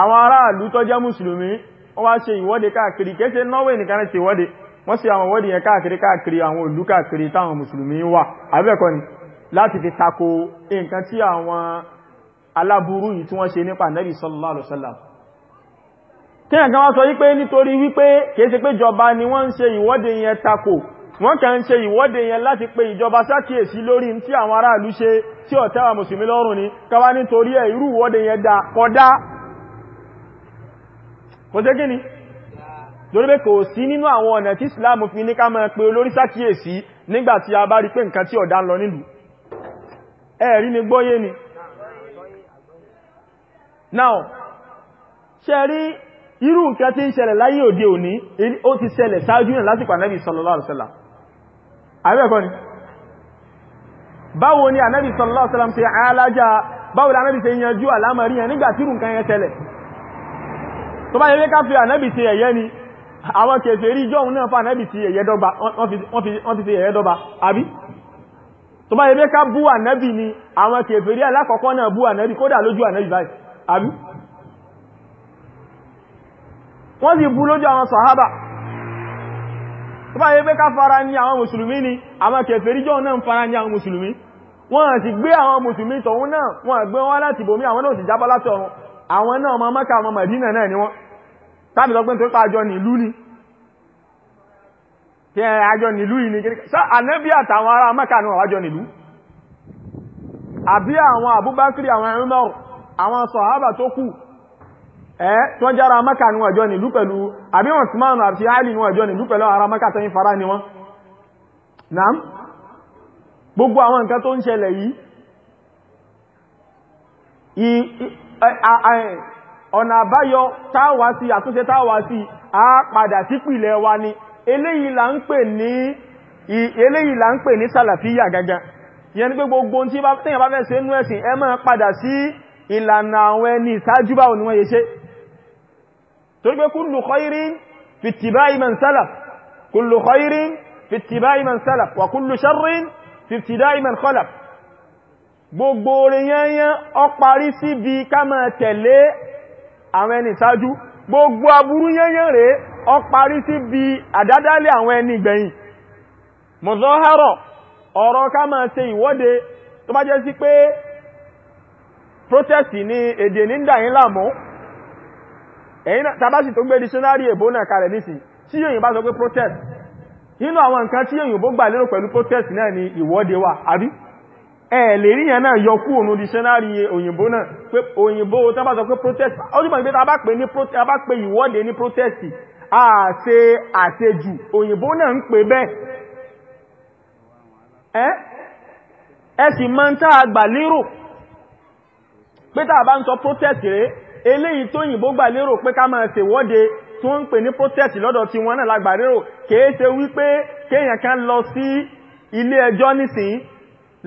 àwọn ará ìlú tó jẹ́ mùsùlùmí wọ́n wá ṣe ìwọ́de káàkiri kéèṣe norway nìkan ṣe ìwọ́de wọ́n ṣe àwọn ìwọ́de yẹn káàkiri káàkiri àwọn ìlú káàkiri táwọn mùsùlùmí wà àbẹ́ẹ̀kọ́ ni láti fi tako nǹkan tí àwọn aláburú yìí tí wọ́n ṣe nípa ànábì sallallahu alaihi wasallam kí ẹ̀kan wá sọ wípé nítorí wípé kìí ṣe pé jọba tako wọ́n kàn ń ṣe ìwọ́de yẹn láti pe ìjọba sákìyèsí lórí tí àwọn aráàlú ṣe tí ó mùsùlùmí lọ́rùn ni káwá nítorí ẹ̀ irú ìwọ́de yẹn dá kódà kò jẹ́ gíní torí pé kò sí nínú àwọn ọ̀nà tí Islam fi ní ká máa pe olórí sákìyèsí nígbà tí a bá rí pé nǹkan tí ọ̀dá lọ nílùú ẹ̀rí ni gbọ́yé ni now ṣe rí irú nǹkan tí ń ṣẹlẹ̀ láyé òde òní ó ti ṣẹlẹ̀ sáájú náà lásìkò Ànábì sallallahu alaihi àbẹ́ẹ̀kọ́ ni báwo ni ànábì sallallahu alaihi wasallam ṣe alájá báwo ni ànábì ṣe yanjú àlámọ̀rí yẹn nígbà tí nǹkan yẹn ṣẹlẹ̀ tó bá yẹ ká fi ànábì ṣe ẹ̀yẹ ni àwọn kèfèrí jọun náà fa ànábì ṣe ẹ̀yẹ dọ́gba wọ́n fi ṣe ẹ̀yẹ dọ́gba àbí tó bá yẹ ká bú ànábì ni àwọn kèfèrí alákọ̀ọ́kọ́ náà bú ànábì kódà lójú ànábì báyìí àbí wọ́n sì bú lójú àwọn sàhábà tó bá yẹ pé ká fara ní àwọn mùsùlùmí ni àwọn kèfèrí jọ náà ń fara ní àwọn mùsùlùmí wọ́n ti gbé àwọn mùsùlùmí tọ̀hún náà wọ́n gbé wọn láti bòmí àwọn náà ti jábọ́ láti ọ̀run àwọn náà ọmọ Mẹ́kà ọmọ Mẹdínà náà ni wọ́n tàbí lọ pé tó pàjọ ní ìlú ni kí ẹ àjọ ní yìí ni sọ ànẹ́bí àtàwọn ará Mẹ́kà ni wọ́n wájọ ní àbí àwọn Abubakar àwọn ẹ̀rùmọ̀rù àwọn sọ̀hábà tó kù ẹ́ tó jára maka ní ọjọ́ pẹlụ pẹ̀lú àbí Usman àti Ali ní ọjọ́ pẹ̀lú ara maka tó fara ní wọn naam gbogbo àwọn nǹkan tó ń ṣẹlẹ̀ yìí ọ̀nà àbáyọ táwà àtúnṣe táwà a padà sípìlẹ̀ wa ni eléyìí là ń pè ní sàlàfíyà gangan yẹn pé gbogbo tí bá fẹ́ ṣe nú ẹ̀sìn ẹ padà sí ìlànà torí pé kullu khairin fi ittiba'i man salaf kullu khairin fi ittiba'i man salaf wa kullu sharrin fi ibtida'i man khalaf gbogbo orin yẹnyẹn ó parí síbi ká máa tẹ̀lé àwọn ẹni ìsájú gbogbo aburú yẹnyẹn rẹ̀ ó parí síbi àdádálẹ̀ àwọn ẹni ìgbẹ̀yìn mọ̀zọ́hárọ̀ ọ̀rọ̀ ká máa ṣe ìwọ́de tó bá jẹ́ sí pé protest ní èdè nígbà yín láàmú ẹ̀yìn tàbásì tó gbé dictionary èbó náà kalẹ̀ nísìn tí èyàn bá sọ pé protest nínú àwọn nǹkan tí èyàn bó gbà lérò pẹ̀lú protest náà ni ìwọ́de wà àbí ẹ lè rí yẹn náà yọ kú òun dictionary òyìnbó náà pé òyìnbó tó sọ pé protest ó túnmọ̀ ìgbé tàbá pé ìwọ́de ní protest àṣe àṣejù òyìnbó náà ń pè bẹ́ẹ̀ ẹ sì máa ń tá àgbà lérò pé tàbá ń sọ protest rèé eléyìí tó yìnbó gbà lérò pé ká máa ṣèwọ́de tí wọ́n ń pè ní protest lọ́dọ̀ tí wọ́n náà lágbà lérò kìí ṣe wípé kéèyàn kan lọ sí ilé ẹjọ́ nísìn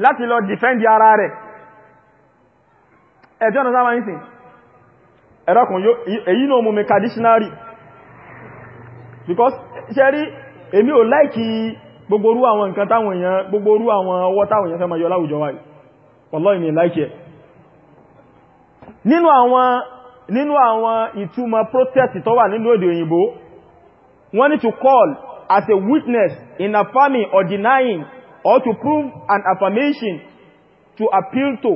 láti lọ defend ara rẹ̀ ẹjọ́ náà sáwọn nísìn ẹ̀rọkùn èyí náà mú mi because ṣe rí èmi ò láìkí gbogbo orú àwọn nǹkan táwọn èèyàn gbogbo orú àwọn ọwọ́ táwọn èèyàn fẹ́ máa yọ láwùjọ wáyìí wallahi mi láìkí ẹ̀ nínú àwọn nínú àwọn ìtumọ̀ protest tó wà nínú èdè òyìnbó wọ́n ní to call as a witness in affirming or denying or to prove an affirmation to appeal to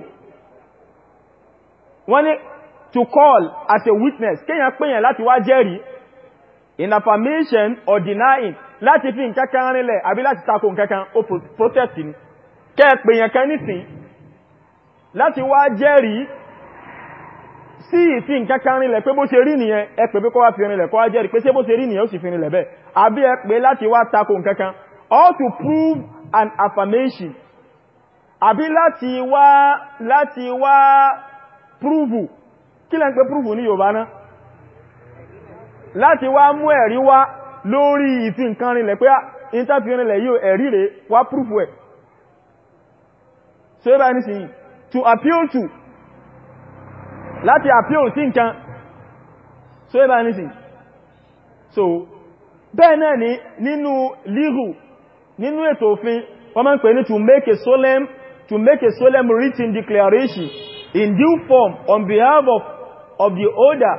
wọ́n ní to call as a witness kéyàn péyàn láti wá jẹ́rìí in affirmation or denying láti fi nǹkankan rinlẹ̀ àbí láti tako nǹkankan ó protest ni kẹ́ẹ̀ péyàn kan nísìn láti wá jẹ́rìí sí ìfi nǹkan kan rinlẹ̀ pé bó ṣe rí nìyẹn ẹ pè pé kó wá fi rinlẹ̀ kó wá jẹ́rìí pé ṣé bó ṣe rí nìyẹn ó sì fi rinlẹ̀ bẹ́ẹ̀ àbí ẹ pè láti wá tako nǹkan all to prove an affirmation àbí láti wá láti wá prove kí lẹ́ ń prove ní Yorùbá náà láti wá mú ẹ̀rí wá lórí ìfi nǹkan rinlẹ̀ pé ah, interview rinlẹ̀ yóò ẹ̀rí rẹ̀ wá prove ẹ̀ so ẹ bá ní sí to appeal to láti àpíò sí nǹkan so ẹbá nísìn so bẹ́ẹ̀ náà ni nínú líhù nínú ètò òfin wọ́n máa ń pè ní to make a solemn to make a solemn written declaration in due form on behalf of, of the order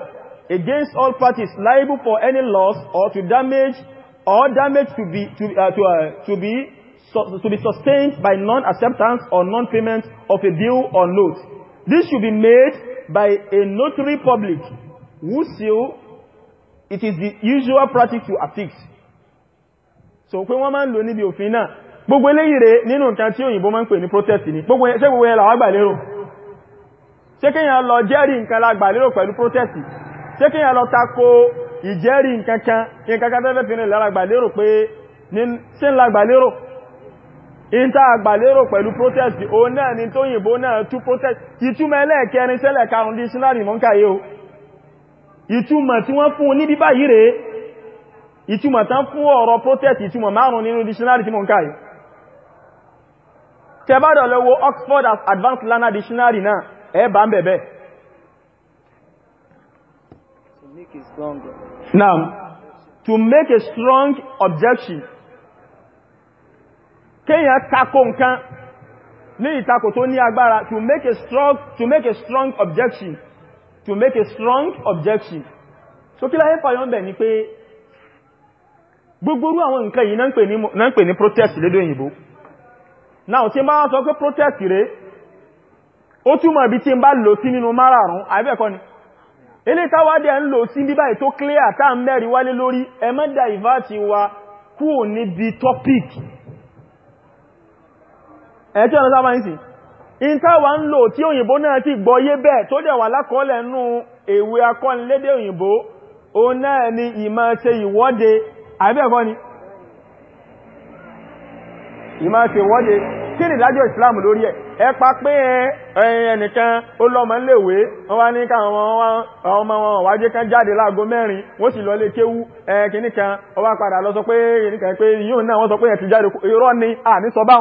against all parties liable for any loss or to damage or damage to be to, uh, to, uh, to be so, to be sustained by non-acceptance or non-payment of a bill or note. This should be made by a notary public who seal it is the usual practice to affix so pé wọ́n máa ń lò níbi òfin náà gbogbo eléyìí rẹ̀ nínú nǹkan tí òyìnbó máa ń pè ní protest ni gbogbo ṣé gbogbo ẹlà àgbàlérò ṣé kíyàn lọ jẹ́rìí nǹkan lágbàlérò pẹ̀lú protest ṣé kíyàn lọ tako ìjẹ́rìí nǹkan kan kí nǹkan kan tẹ́fẹ́ fi rìn lára àgbàlérò pé ṣé ń lágbàlérò ìta àgbàlérò pẹ̀lú protest o náà ni tó yìnbó náà tú protest ìtumọ̀ ẹlẹ́ẹ̀kẹrin sẹ́lẹ̀ karùn dín sínárì mọ́nkáyé o ìtumọ̀ tí wọ́n fún ní bíbá yìí rẹ̀ ìtumọ̀ tán fún ọ̀rọ̀ protest ìtumọ̀ márùn nínú dictionary tí mọ́nkáyé tẹbádọ̀ lọ wò Oxford as Advanced Learner Dictionary náà ẹ bá ń bẹ̀bẹ̀ to make a strong objection kéèyàn takò nǹkan ní ìtakò tó ní agbára to make a strong to make a strong objection to make a strong objection so kí láyé fàyọ́ bẹ̀ ni pé gbogbo àwọn nǹkan yìí náà ń pè ní protest lédè òyìnbó náà tí n bá wọ́n sọ pé protest rẹ̀ ó túmọ̀ bí tí n bá lò sí nínú márààrún àìbẹ̀kọ́ ni ilé táwádẹ́ ń lò sí bíbá ètò clear tá ń mẹ́rin wálé lórí ẹmọ́dà ìvá ti wa kúò níbi topic ẹ̀ tí ọ̀nà sábà ń sìn in táwà ń lò tí òyìnbó náà ti gbọ́ yé bẹ́ẹ̀ tó dẹ̀ wà lákọọ́lẹ̀ nú èwe akọ́nilédè òyìnbó o náà ni ìmá ṣe ìwọ́de àbẹ́ẹ̀kọ́ ni ìmá ṣe ìwọ́de kí ni ìdájọ́ ìsìláàmù lórí ẹ̀ ẹ pa pé ẹnìkan ó lọ́mọ léèwé wọ́n wá ní káwọn ọmọ wọn wá jẹ́ kan jáde láago mẹ́rin wọ́n sì lọ lé kéwú ẹ̀kìníkan ó wá padà lọ sọ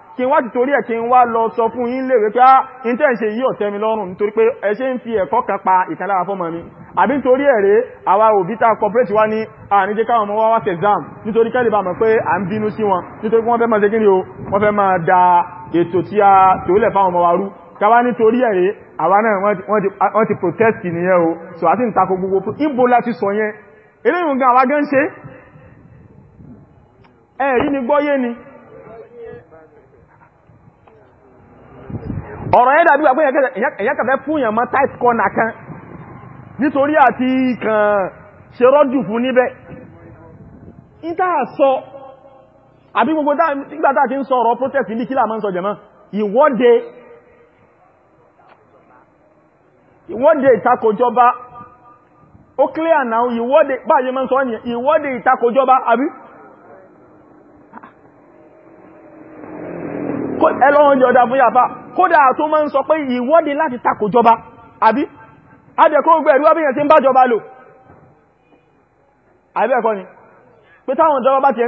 kí n wá ti torí ẹ̀ kí n wá lọ sọ fún yín léèrè pé á ah, n yí ọ̀tẹ́ mi lọ́rùn nítorí pé ẹ ń fi ẹ̀kọ́ kan pa ìkan lára fọ́mọ mi àbí nítorí ẹ̀rẹ́ àwa òbí tá corporate wá ní àníjẹ́ káwọn ọmọ wá wá sẹ̀zám nítorí kẹ́lẹ̀ bá mọ̀ pé à ń bínú sí wọn nítorí wọ́n fẹ́ máa ṣe kí ni o wọ́n fẹ́ máa da ètò tí a tòólẹ̀ fáwọn ọmọ wa rú káwá nítorí ẹ̀rẹ́ àwa náà wọ́n ti protest nìyẹn o so àti ń takò gbogbo fún ibo láti sọ yẹn eléyìí gan àwa gan ṣe ẹ̀rí ni gbọ́yé ni ọ̀rọ̀ yẹn dàbí àpé èyàn kàfẹ́ fún èyàn mọ́ tight corner kan nítorí àti kàn ṣe rọ́jù fún níbẹ̀ ìtàà sọ àbí gbogbo nígbàtà tí ń sọ ọ̀rọ̀ protest ní kílà máa ń sọ jẹ̀mọ́ ìwọ́de ìwọ́de ìtakòjọba ó clear now ìwọ́de báyìí máa ń sọ ìwọ́de ìtakòjọba àbí ẹlọ́run jọdá fún yàfá kódà tó máa ń sọ pé ìwọ́de láti takò jọba àbí adẹ̀kọ́ gbẹ̀rú abíyàn tí ń bá jọba lò àbí ẹ̀kọ́ ni pé táwọn jọba bá ti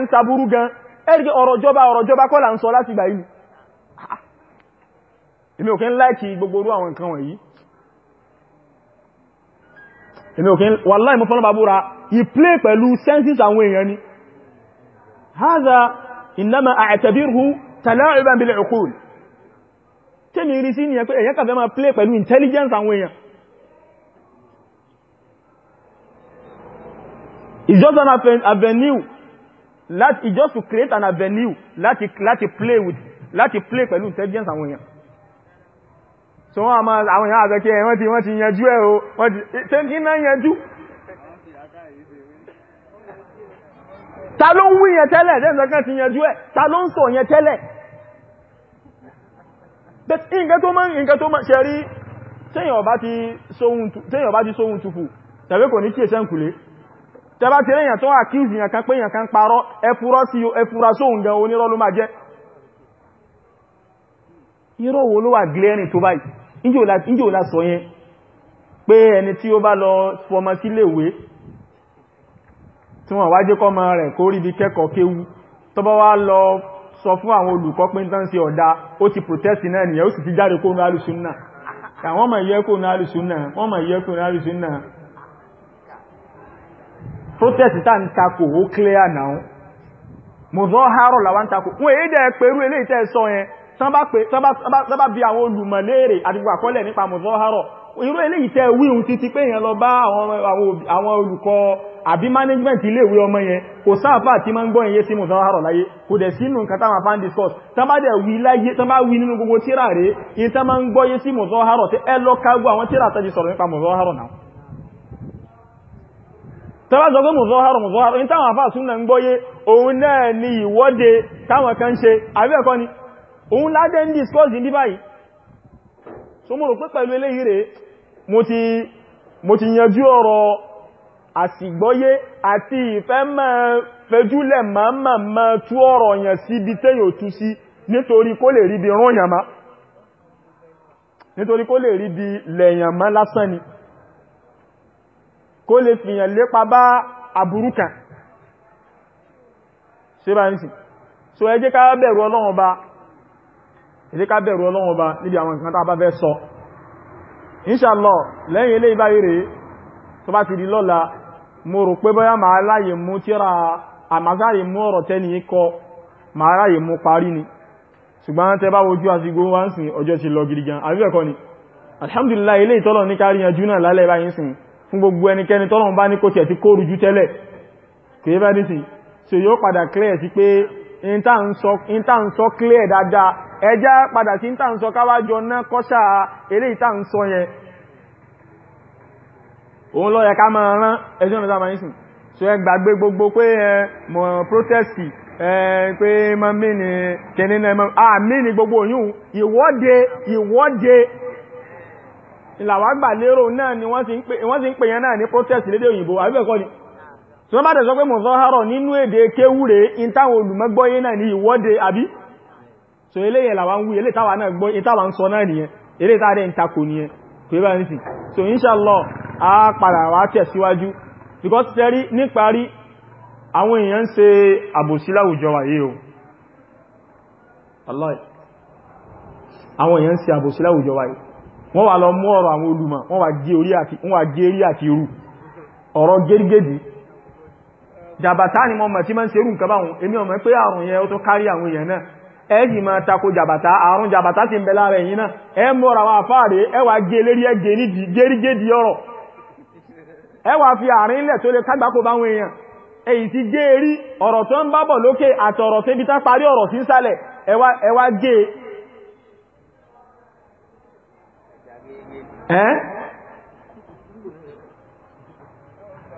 gan ẹ̀rìkẹ́ ọ̀rọ̀ jọba ọ̀rọ̀ jọba kọ́ là ń sọ láti gbà yìí èmi ò kí ń láìkì gbogbo orú àwọn nǹkan wọ̀nyí èmi ò ìplé pẹ̀lú senses àwọn èèyàn ni haza innama a'tabiruhu tàláàrùbá bí lẹ́ẹ̀kùn tí mi rí sí ní ẹ̀kọ́ èyàn kàfẹ́ máa play pẹ̀lú intelligence àwọn èèyàn it's just an avenue láti it's just to create an avenue láti láti play with láti play pẹ̀lú intelligence àwọn èèyàn so wọ́n àmà àwọn èèyàn àgbẹ̀kẹ́ wọ́n ti wọ́n ti yanjú ẹ̀ o wọ́n ti tẹ́kí náà yanjú ta ló ń wí yẹn tẹ́lẹ̀ tẹ́sọ̀kan ti yanjú ẹ̀ ta ló ń sọ yẹn tẹ́lẹ̀ nǹkan tó máa nǹkan tó máa ṣe tufu tẹ̀wé kò ní kí èṣẹ́ ǹkùlé tẹba ti rẹ̀yàn tó àkíyèsí yàn kan pé yàn kan parọ́ ẹfúrọ́ sí ẹfúra sóhun gan onírọ́ la sọ yẹn pé ẹni tí ó bá lọ fọmọ síléèwé tí wọ́n wá jẹ́ kọ́mọ rẹ̀ kó rí bí kẹ́kọ̀ọ́ kéwú tó lọ sọ fún àwọn olùkọ́ pé tán sí ọ̀dá ó ti protest náà nìyẹn ó sì ti jáde kó náà lùsùn náà àwọn ọmọ ìyẹ́ kó náà lùsùn náà wọ́n mọ̀ ìyẹ́ kó náà lùsùn náà protest tá ń takò ó clear náà mọ̀zọ́ harọ̀ làwọn takò wọ́n èyí dẹ̀ pẹ̀lú eléyìí tẹ́ sọ yẹn tán bá bí àwọn olùmọ̀léèrè àti gbàkọ́lẹ̀ nípa mọ̀zọ́ harọ̀ irú eléyìí tẹ́ wíhun títí pé èèyàn lọ bá àwọn olùkọ́ àbí management iléèwé ọmọ yẹn kò sáàfà tí máa ń gbọ́yìn yé sí mùsàn àárọ̀ láyé kò dẹ̀ sínú nǹkan táwọn fan discourse tán bá dẹ̀ wí láyé tán bá wí nínú gbogbo tíra rẹ̀ in tán máa ń gbọ́yé sí mùsàn àárọ̀ tí ẹ ti sọ̀rọ̀ so mo rò pé pẹ̀lú eléyìí rẹ̀ mo ti yanjú ọ̀rọ̀ àsìgbọ́yé àti ìfẹ́ máa fẹjúlẹ̀ máa máa tú ọ̀rọ̀ yẹn sí ibi tẹ́yìn òtú le nítorí kó lè rí bí rán yàmá nítorí kó lè rí bí lẹ̀yàmá lásán ni kó lè fìyàn lépa bá àbúrúkà ṣe bá ń sì so ẹ jẹ́ ká bẹ̀rù Ọlọ́run ba ilé ká bẹ̀rù Ọlọ́run ọba níbi àwọn nǹkan tàbá fẹ́ sọ inshallah lẹ́yìn ilé ìbáyé rẹ̀ tó bá ti di lọ́la mo rò pé bóyá máa láyè mú tíra àmásáyè mú ọ̀rọ̀ tẹ́ni kọ máa ráyè mú parí ni ṣùgbọ́n tẹ bá wojú àsìgbò wá ń sìn ọjọ́ ti lọ gidi gan àbí bẹ́ẹ̀ kọ́ ni alhamdulillah ilé ìtọ́lọ̀ ní kárí yanjú náà lálẹ́ báyìí sìn fún gbogbo ẹnikẹ́ni tọ́lọ̀ bá ní kò tiẹ̀ ti kó rújú tẹ́lẹ̀ kìí bá ní sìn so yóò padà clear sí pé inta ń sọ clear dáadáa ẹjá padà sí ìta ń sọ káwájọ náà kọ́ṣà eléyìí ìta ń sọ yẹn òun ló yẹ ká máa rán ẹjọ́ ọ̀nà sáà nísìn so ẹ gbàgbé gbogbo pé ẹ mọ̀ protesti ẹ pé mọ mí ni kẹ́ni náà mọ gbogbo òyìn ìwọ́de ìwọ́de ìlàwágbà lérò náà ni wọ́n ti ń pè yẹn náà ní protest lédè òyìnbó àbí tí wọ́n bá tẹ̀ sọ pé mọ̀sánhárọ̀ nínú èdè kéwúre in táwọn olùmọ́gbọ́yé náà ní ìwọ́de àbí so eléyẹ̀ làwọn wú eléyẹ̀ táwà náà gbọ́ ìtàwà ń sọ náà nìyẹn eléyẹ̀ táà dẹ̀ nìyẹn pé bá ń sì so inshallah a padà wá tẹ̀síwájú because tẹ́rí níparí àwọn èèyàn ń ṣe àbòsí láwùjọ wa yìí o Allah àwọn èèyàn ń ṣe àbòsí láwùjọ wa yìí wọ́n wà ọ̀rọ̀ àwọn jàbàtà ni mo mọ̀ tí máa ń serú nǹkan báwọn èmi ò pé àrùn yẹn ó tó kárí àwọn èèyàn náà ẹ sì máa tako jàbàtà àrùn jàbàtà ti ń bẹ lára ẹ̀yìn náà ẹ ẹ gé lérí ẹ fi àárín ti gé erí ọ̀rọ̀ tó ń bábọ̀ lókè àtọ̀rọ̀ síbi tá parí ọ̀rọ̀ sí sálẹ̀ ẹ wá gé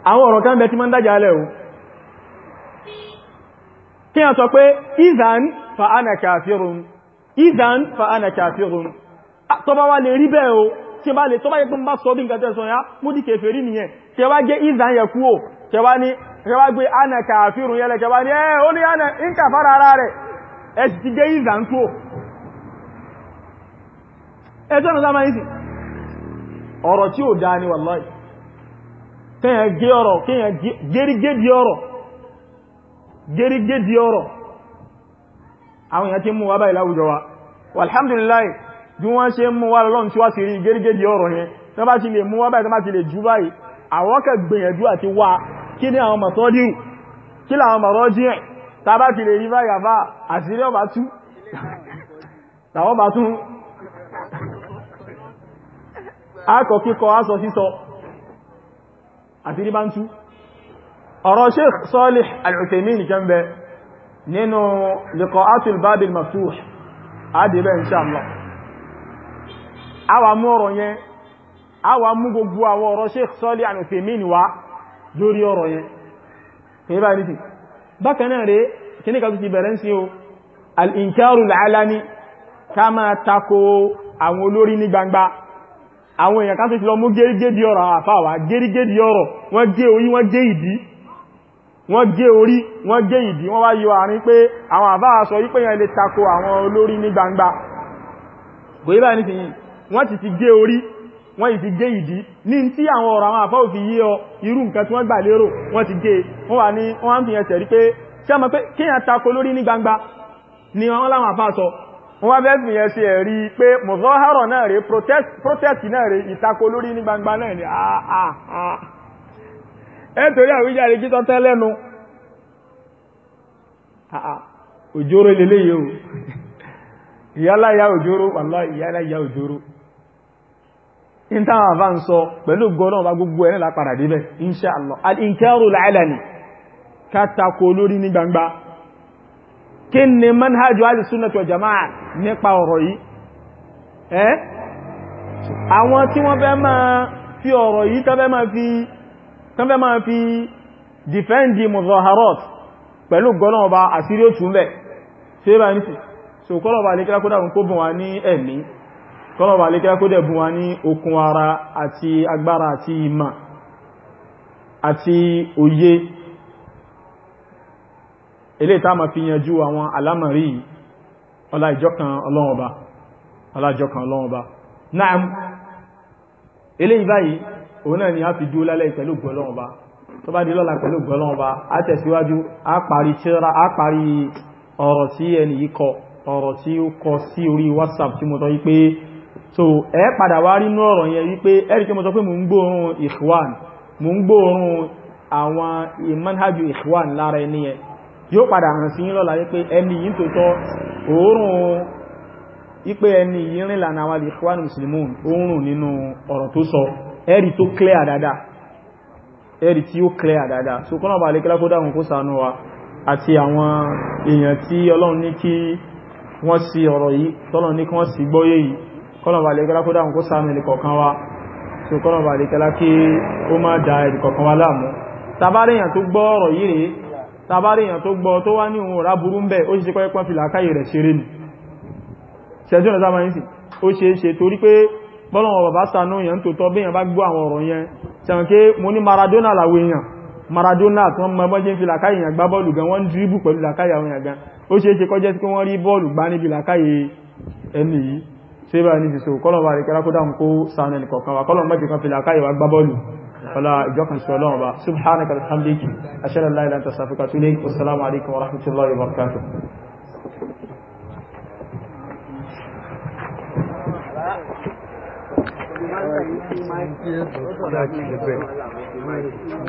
àwọn ọ̀rọ̀ kan bẹ máa ń dájà kí a sọ pé ìzàn fa'ana kàfírùn ìzàn fa'ana kàfírùn tó bá wá lè rí bẹ́ẹ̀ o tí bá lè tó bá yẹ pín bá sọ bí nǹkan tẹ́sọ ya mú di kèfèrí nìyẹn tí wá gé ìzàn yẹ kúò tí wá gbé ana kàfírùn yẹlẹ̀ tí wá ana ń kàfàrà ara rẹ̀ ẹ ti gé ìzàn kúò ẹ tọ́nà sáma ní sí ọ̀rọ̀ tí ò gẹ́rígẹ́dì ọ̀rọ̀ àwọn èèyàn tí mú wá báyìí láwùjọ wa alhamdulillah bí wọ́n ṣe mú wá lọ́n tí wá sí rí gẹ́rígẹ́dì ọ̀rọ̀ yẹn tó bá ti lè mú wá báyìí tó bá ti lè jú báyìí àwọn kẹ gbìyànjú àti wá kí ni àwọn mọ̀tọ́dí kí làwọn ọ̀rọ̀ sheikh Salih al-Uthaymin kan bẹ nínú liqa'atul babil maftuh adìbẹ̀ insha Allah àwa mú ọ̀rọ̀ yẹn àwa mú gbogbo àwọn ọ̀rọ̀ sheikh Salih al-Uthaymin wá lórí ọ̀rọ̀ yẹn kìí bá nìtì bákanáà rẹ̀ kìí kàtù ti bẹ̀rẹ̀ sí o al-inkarul alani ká máa tako àwọn olórí ní gbangba àwọn èèyàn kan tó ti lọ mú gẹ́rígẹ́dì ọ̀rọ̀ àfáwà gẹ́rígẹ́dì ọ̀rọ̀ wọ́n gé orí wọ́n gé ìdí wọ́n gé orí wọ́n gé ìdí wọ́n wá yọ àárín pé àwọn àbá àṣọ yí pé yẹn lè tako àwọn olórí ní gbangba kò yí báyìí nìsìnyí wọ́n ti ti gé orí wọ́n ti ti gé ìdí ní tí àwọn ọ̀rọ̀ àwọn àfá òfin yí ọ irú nǹkan tí wọ́n gbà lérò wọ́n ti gé e. wọ́n wà ní wọ́n ni wọ́n láwọn àfá sọ wọ́n wá bẹ́ẹ̀ fi yẹn ṣe ẹ̀rí pé mọ̀gọ́hárọ̀ náà rèé protest náà rèé ìtako lórí ní gbangba náà ni àà ah, àà ah, ah ẹ̀tọ́rí àwíjáre kí tọ́tẹ́ lẹ́nu òjòrò ilẹ̀lẹ́ yìí o ìyáláyà òjòrò wàlá ìyáláyà òjòrò in táwọn àfá ń sọ pẹ̀lú gọ́nà bá gbogbo ẹ̀rẹ́ lápàdà débẹ̀ insha Allah al-inkaru al-alani kátàkó lórí ní gbangba kí ni manhajj ahlis sunnah wal jama'a nípa ọ̀rọ̀ yìí ẹ́ àwọn tí wọ́n fẹ́ máa fi ọ̀rọ̀ yìí tẹ́fẹ́ máa fi tán fẹ́ máa fi dìfẹ́ndì muzaharat pẹ̀lú gọ́nà ọba àsírí òtún bẹ̀ tí ó bá ní sí so kọ́lọ̀bà alékẹ́lá kó dábùn kó bùn wa ní ẹ̀mí kọ́lọ̀bà alékẹ́lá kó dẹ̀bùn wa ní okun ara àti agbára àti ìmà àti òye ilé tá ma fi yanjú àwọn alámàrí ọlájọ́kan ọlọ́wọ́ba ọlájọ́kan ilé ìbáyìí òun náà ni a fi dúó lálẹ́ pẹ̀lú gbọ́lọ́ọ̀ba tó bá di lọ́la pẹ̀lú gbọ́lọ́ọ̀ba a tẹ̀síwájú a parí tírà ọ̀rọ̀ tí ẹni yìí ọ̀rọ̀ tí ó kọ sí orí whatsapp tí mo tọ́ yí pé so ẹ padà wá rí nọ́ọ̀rọ̀ yẹn wípé ẹ̀rí tí mo sọ pé mo ń gbóòórùn ikhwan mo ń gbóòórùn àwọn ìmánhájú ikhwan lára ẹni yẹn yóò padà hàn sí yín lọ́la wípé ẹni yìí tó tọ́ ẹ̀rí tó clear dáadáa ẹ̀rí tí ó clear dáadáa so kọ́nà bá lékẹ́lá kó dáhùn kó sànú wa àti àwọn èèyàn tí ọlọ́run ní kí wọ́n sí ọ̀rọ̀ yìí tọ́lọ́run ní kí wọ́n sì gbọ́yé yìí kọ́nà bá lékẹ́lá kó dáhùn kó sànú ẹnì kọ̀ọ̀kan wa so kọ́nà bá lékẹ́lá kí ó má da ẹnì kọ̀ọ̀kan wa láàmú tabaréyàn tó gbọ́ ọ̀rọ̀ yìí rèé tabaréyàn tó gbọ́ tó wá ní òun ọ̀rá burú ń bẹ̀ ó ṣe bọ́lọ̀wọ̀ bàbá sanú yẹn tó tọ́ bíyàn bá gbọ́ àwọn ọ̀rọ̀ yẹn tẹ̀wọ̀n pé mo ní Maradona làwọ èèyàn Maradona tí wọ́n mọ bọ́ jẹ́ fi làkáyì èèyàn gbá bọ́ọ̀lù gan wọ́n dìríbù pẹ̀lú làkáyì àwọn èèyàn gan ó ṣe é ṣe kọjẹ́ sí pé wọ́n rí bọ́ọ̀lù gbá níbi làkáyì ẹni yìí ṣé bá ní ṣiṣẹ́ kọ́lọ̀ wa rìkẹ́lá kó dáhùn kó sanu ẹnì kọ̀ọ̀kan wa Thank you.